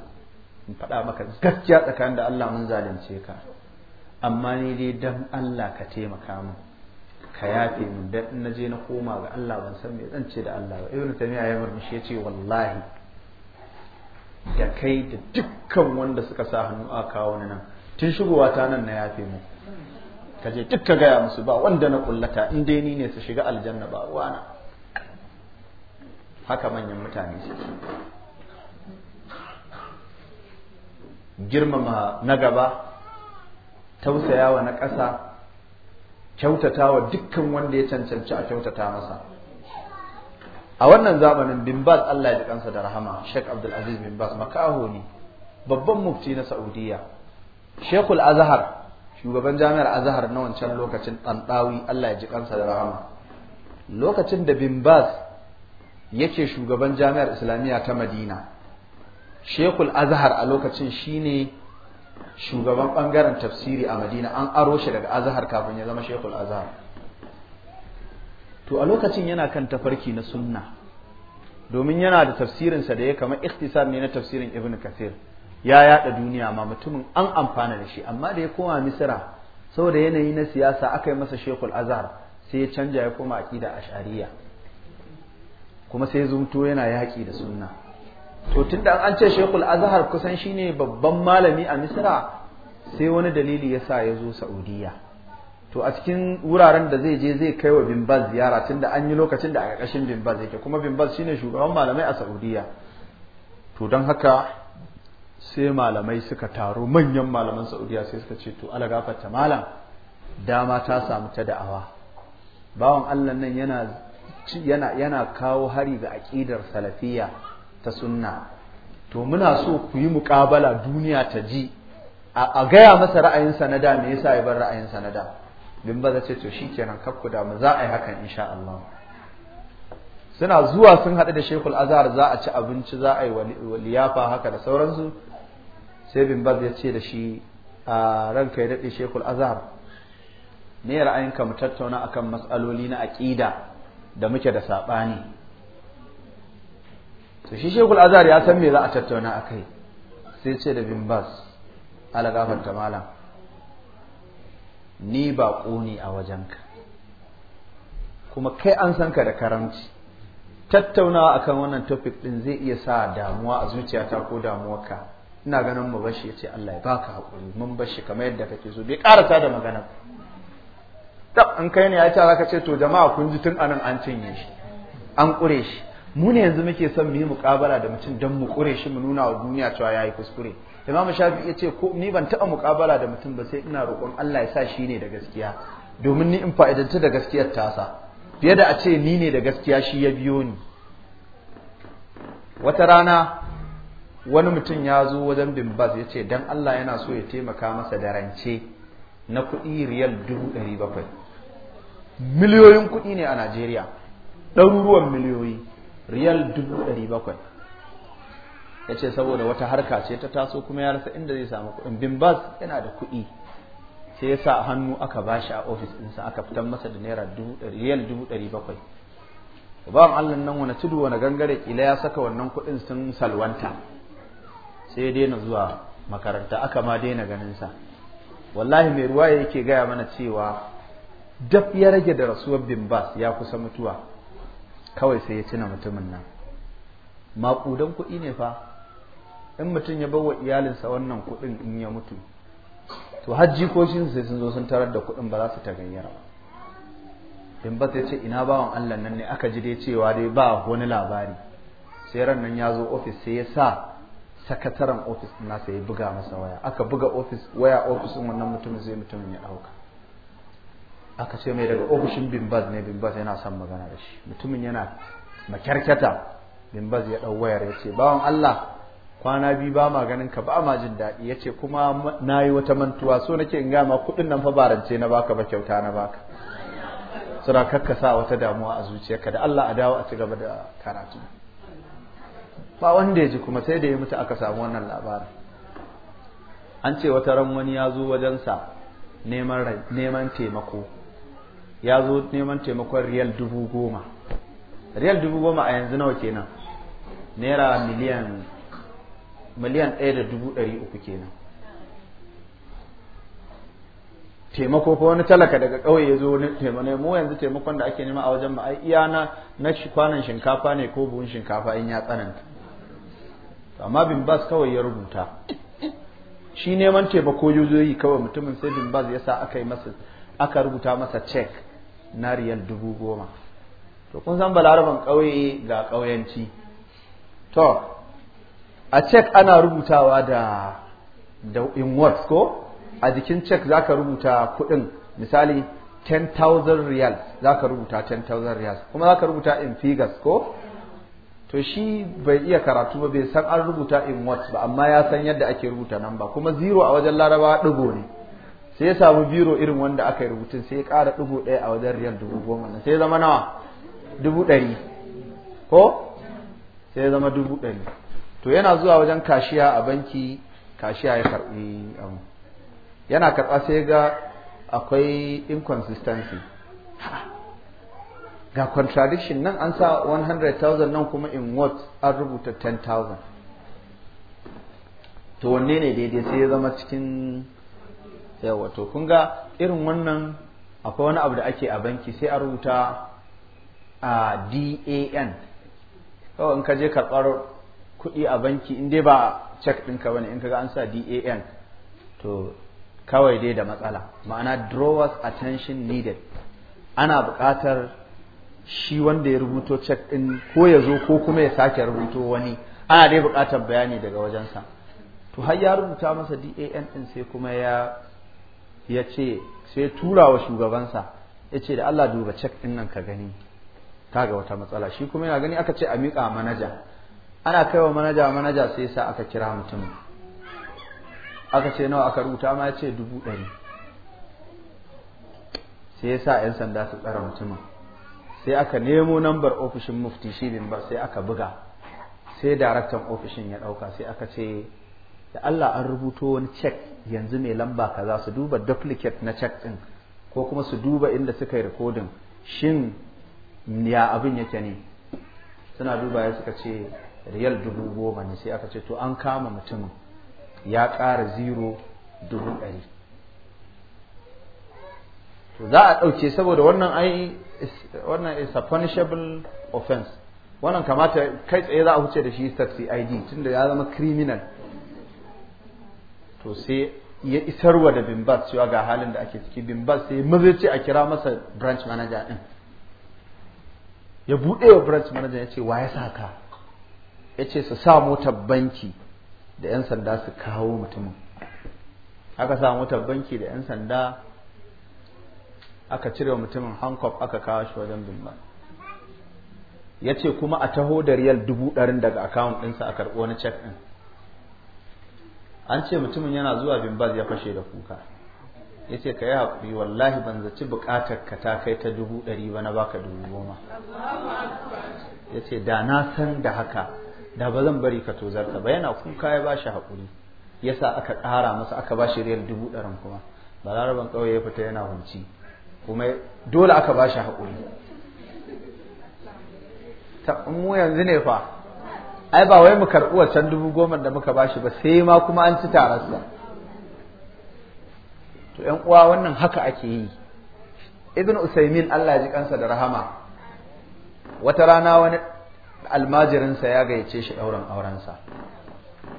in faɗa maka gaskiya tsakanin da Allah mun zalunce ka amma ni dai dan Allah ka taimaka min ka yafe min dan in je na koma ga Allah ban san me zan da Allah ba ibn taymiya ya murmushi ya ce wallahi da kai da dukkan wanda suka sa hannu a kawo nan tun shigowa ta nan na yafe mu ka je duk ka gaya musu ba wanda na kullata in dai ni ne su shiga aljanna ba na. haka manyan mutane su girmama na gaba tausayawa na ƙasa kyautatawa dukkan wanda ya cancanci a kyautata masa a wannan zamanin bin Allah ya ji kansa da rahama Sheikh abdul'aziz bin bas makaho ne babban mufti na Saudiya shekul azahar, shugaban jami'ar azahar na wancan lokacin ɗanɗawi allah ya ji kansa da rahama lokacin da bin bas yake shugaban jami'ar islamiyya ta madina shekul azahar a lokacin shi ne shugaban ɓangaren tafsiri a madina an aro shi daga azahar kafin ya zama shekul azahar. to a lokacin yana kan tafarki na sunna domin yana da tafsirinsa da ya kama ikhtisar ne na tafsirin ibn kathir ya yaɗa duniya ma mutumin an amfana da shi amma da ya koma misira saboda yanayi na siyasa aka yi masa shekul azhar sai ya canja ya koma aqida ashariya kuma sai zumto yana yaƙi da sunna to tunda an ce shekul azhar kusan shine babban malami a misira sai wani dalili ya sa ya zo Saudiyya. to a cikin wuraren da zai je zai kai wa bimbaz ziyara tunda an yi lokacin da a ƙarƙashin bimbaz yake kuma bimbaz shine shugaban malamai a Saudiyya. to don haka sai malamai suka taro manyan malaman saudiya sai suka ce to ala gafarta malam dama ta samu ta da'awa bawan allah nan yana yana kawo hari ga aƙidar salafiya ta sunna to muna so ku yi muƙabala duniya ta ji a gaya masa ra'ayin sanada da me yasa ya bar ra'ayin sanada da bin ba ce to shi shikenan kakku da mu za a yi hakan insha Allah suna zuwa sun haɗu da Shekul Azhar za a ci abinci za a yi liyafa haka da sauransu sai bin baz ya ce da shi a ranka ya daɗe shekul azhar ne ra'ayinka mu tattauna akan matsaloli na aƙida da muke da saɓani to shi shekul azar ya san me za a tattauna a kai sai ce da bin bas ala ta malam ni ba ne a wajenka kuma kai an san ka da karamci tattaunawa akan wannan topic din zai iya sa damuwa a zuciyata ko damuwarka ina ganin mu bashi yace Allah ya baka hakuri mun bashi kamar yadda kake so bai karasa da magana tab an kai ne ya ce zaka ce to jama'a kun ji tun anan an cinye shi an kure shi mu ne yanzu muke son mu yi muƙabala da mutum don mu kure shi mu nuna wa duniya cewa yayi kuskure Imam Shafi ya ce ko ni ban taɓa muƙabala da mutum ba sai ina roƙon Allah ya sa shi ne da gaskiya domin ni in fa'idanta da gaskiyar tasa fiye da a ce ni ne da gaskiya shi ya biyo ni wata rana wani mutum ya zo wajen bimbas ya ce don Allah yana so ya taimaka masa da rance na kuɗi riyal dubu ɗari bakwai miliyoyin kuɗi ne a Najeriya ɗaruruwan miliyoyi riyal dubu ɗari bakwai ya ce saboda wata harka ce ta taso kuma ya rasa inda zai samu kuɗin bimbas yana da kuɗi sai ya sa hannu aka bashi a ofis ɗinsa aka fitar masa da naira riyal dubu ɗari bakwai bawan Allah nan wani tudu wani gangare kila ya saka wannan kuɗin sun salwanta sai ya daina zuwa makaranta aka ma daina ganin sa wallahi mai ruwa yake gaya mana cewa daf ya rage da rasuwar bin bas ya kusa mutuwa kawai sai ya cina mutumin nan maƙudan kuɗi ne fa in mutum ya bawa iyalinsa wannan kuɗin in ya mutu to hajji ko shi sai sun zo sun tarar da kuɗin ba za su ta gayyara ba ya ce ina bawan Allah nan ne aka ji dai cewa dai ba wani labari sai ran nan ya zo ofis sai ya sa sakataren ofis nasa ya buga masa waya aka buga ofis waya ofisin wannan mutumin zai mutumin ya dauka aka ce mai daga ofishin bimbaz ne bimbaz yana son magana da shi mutumin yana makyarkyata bimbaz ya dau wayar ya ce bawan Allah kwana biyu ba ma ganin ka ba ma jin daɗi ya ce kuma na yi wata mantuwa so nake in gama kuɗin nan fa barance na baka ba kyauta na baka sura kakkasa wata damuwa a zuciyarka da Allah a dawo a ci gaba da karatu ba wanda ya ji kuma sai da ya mutu aka samu wannan labarin an ce wata ran wani ya zo wajensa neman taimako ya zo neman taimakon riyal dubu goma riyal dubu goma a yanzu nawa kenan naira miliyan miliyan ɗaya da dubu ɗari uku kenan taimako ko wani talaka daga ƙauye ya zo wani taimako mu yanzu taimakon da ake nema a wajen mu ai iya na kwanan shinkafa ne ko buhun shinkafa in ya tsananta amma bin bas kawai ya rubuta shi neman taimako yi kawai mutumin sai bin bas ya sa aka yi masa aka rubuta masa cek na riyal dubu goma to kun san balaraban ƙauye ga ƙauyanci to a cek ana rubutawa da da in words ko a jikin cek za ka rubuta kuɗin misali 10,000 riyal za ka rubuta 10,000 riyal kuma za ka rubuta in figures ko to shi bai iya karatu ba bai san an rubuta in words ba amma ya san yadda ake rubuta nan ba kuma zero a wajen laraba digo ne sai ya samu biro irin wanda aka yi rubutun sai ya ƙara ɗigo ɗaya a wajen riyal dubu goma sai ya zama nawa dubu ɗari ko sai ya zama dubu ɗari to yana zuwa wajen kashiya a banki kashiya ya karɓi abu yana karɓa sai ga akwai inconsistency ga contradiction nan an sa 100,000 nan kuma in what an rubuta 10,000 to wanne ne daidai sai ya zama cikin yawa wato. kun ga irin wannan akwai wani abu da ake a banki sai a rubuta a dan kawai in ka je karɓar kuɗi a banki in dai ba cek ɗinka ba ne in ka ga an sa dan to kawai dai da matsala ma'ana drawers attention needed ana buƙatar shi wanda ya rubuto cek ɗin ko ya zo ko kuma ya sake rubuto wani ana dai buƙatar bayani daga wajensa to har ya rubuta masa DAN ɗin sai kuma ya ya ce sai tura wa shugabansa ya ce da Allah duba cek ɗin nan ka gani kaga wata matsala shi kuma yana gani aka ce a miƙa manaja ana kaiwa manaja manaja sai sa aka kira mutum aka ce nawa aka rubuta ma ya ce dubu ɗari sai ya sa 'yan sanda su tsara mutumin sai aka nemo nambar ofishin mufti shi bin ba sai aka buga sai daraktan ofishin ya ɗauka sai aka ce da Allah an rubuto wani cek yanzu mai lamba kaza su duba duplicate na cek ɗin ko kuma su duba inda suka yi rikodin shin ya abin yake ne suna duba ya suka ce riyal dubu goma ne sai aka ce to an kama mutumin ya ƙara zero dubu ɗari To za a ɗauke saboda wannan ai wannan is a punishable offense wannan kamata kai tsaye za a huce da shi CID tunda ya zama criminal to sai ya isarwa da bimbas cewa ga halin da ake ciki bimbas sai ce a kira masa branch manager din ya buɗe wa branch manager ya ce wa ya saka ya ce su sa motar banki da 'yan sanda su kawo mutumin aka sa motar banki da 'yan sanda aka cire wa mutumin hankop aka kawo shi wajen bin ya ce kuma a taho da riyal dubu ɗarin daga akawun ɗinsa a karɓo wani cek ɗin an ce mutumin yana zuwa bimbaz ya fashe da kuka ya ce ka yi haƙuri wallahi ban zaci buƙatar ka ta kai ta dubu ɗari ba na baka dubu goma ya ce da na san da haka da ba zan bari ka tozarta ba yana kuka ya bashi haƙuri ya sa aka ƙara masa aka bashi riyal dubu ɗarin kuma balaraban ƙauye ya fita yana hunci kuma dole aka ba shi haƙuri ta mu yanzu ne fa ai ba wai mu karɓi wancan dubu goma da muka ba shi ba sai ma kuma an ci tararsa to ƴan uwa wannan haka ake yi ibn usaimin Allah ji kansa da rahama wata rana wani almajirinsa ya gayyace shi ɗaurin aurensa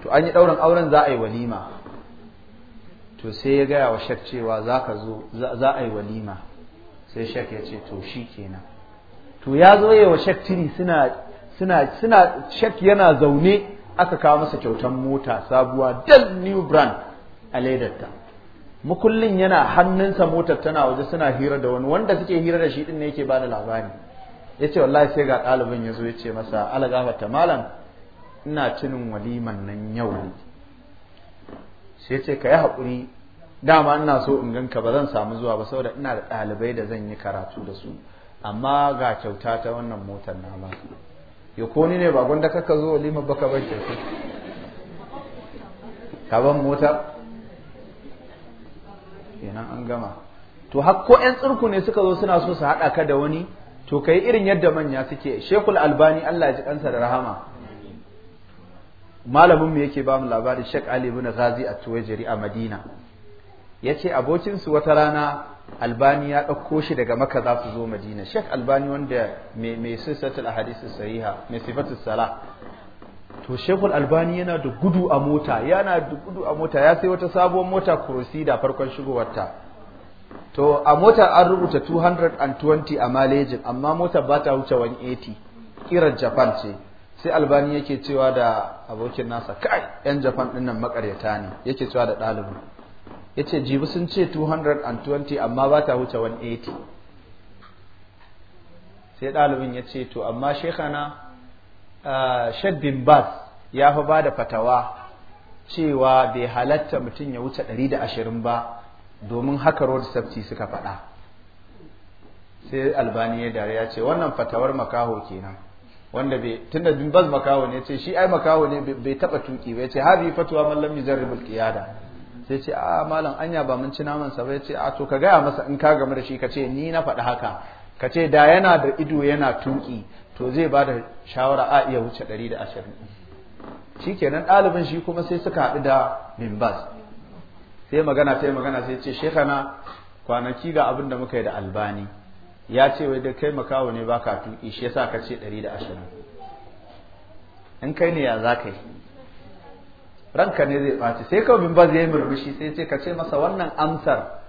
to an yi ɗaurin auren za a yi walima to sai ya gaya wa shak cewa za ka za a yi walima sai shek ya ce to shi kenan to ya zo yi wa shek tiri suna shek yana zaune aka kawo masa kyautan mota sabuwa dal new brand a ledarta mukullin yana hannunsa motar tana waje suna hira da wani wanda suke hira da shi din ne yake ba da labari ya ce wallahi sai ga ɗalibin ya zo ya ce masa alagafata malam ina cinin waliman nan yau sai ce ka yi haƙuri dama ina so in ganka ba zan samu zuwa ba saboda ina da ɗalibai da zan yi karatu da su amma ga kyauta ta wannan motar na ba ya koni ne ba gwanda kaka zo walima baka ban kyauta ka ban mota kenan an gama to hakko ƴan tsirku ne suka zo suna so su haɗa ka da wani to kai irin yadda manya suke shekul albani Allah ya ji kansa da rahama malamin mu yake ba mu labari shek ali ibn ghazi at-tuwajiri a madina ya ce abokinsu wata rana albani ya ɗauko shi daga maka za su zo madina shek albani wanda mai sifatul ahadisu sahiha mai sifatul sala to shekul albani yana da gudu a mota yana da gudu a mota ya sai wata sabuwar mota da farkon shigowarta to a mota an rubuta 220 a malejin amma mota ba ta wuce 180 kiran japan ce sai albani yake cewa da abokin nasa kai yan japan ɗinnan makaryata ne yake cewa da ɗalibin yace jibi sun ce 220 amma ba ta wuce 180 sai ɗalibin ya ce to amma shekana shaddin bas ya fi ba da fatawa cewa bai halatta mutum ya wuce 120 ba domin haka road safety suka faɗa sai albani ya dare ya ce wannan fatawar makaho kenan wanda bai tunda bin bas makaho ne ce shi ai makaho ne bai taɓa tuki ba ya ce hadhi fatwa man mallam yujarrib al sai ce a ah, malam anya ba mun ci naman sa ba ya ce a ah, to ka gaya masa in ka gamu da shi ka ce ni na faɗi haka ka ce da yana da ido yana tunki to zai ba da shawara a iya wuce ɗari da ashirin shi kenan ɗalibin shi kuma sai suka haɗu da mimbas sai magana sai magana sai ce shekana kwanaki ga abin da muka yi da albani ya ce wai da kai makawo ne baka tuƙi shi yasa ka ce ɗari da ashirin in kai ne ya za ka yi ranka ne zai ɓaci sai kawai bin baz yi murmushi sai ce ka ce masa wannan amsar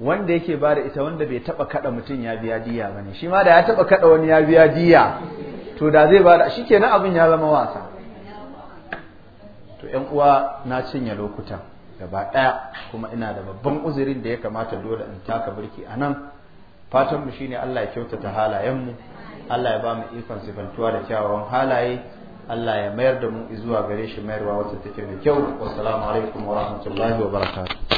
wanda yake ba da ita wanda bai taɓa kaɗa mutum ya biya diya ne shi ma da ya taɓa kaɗa wani ya biya diya to da zai ba da shikenan abin ya zama wasa to ƴan uwa na cinye lokuta gaba ɗaya kuma ina da babban uzurin da ya kamata dole in taka birki a nan Fatanmu shi shine Allah ya kyautata halayenmu Allah ya ba mu ikon sifantuwa da kyawawan halaye Allah ya mayar da mu zuwa gare shi mayarwa wacce take da kyau wassalamu alaikum wa rahmatullahi wa barakatuh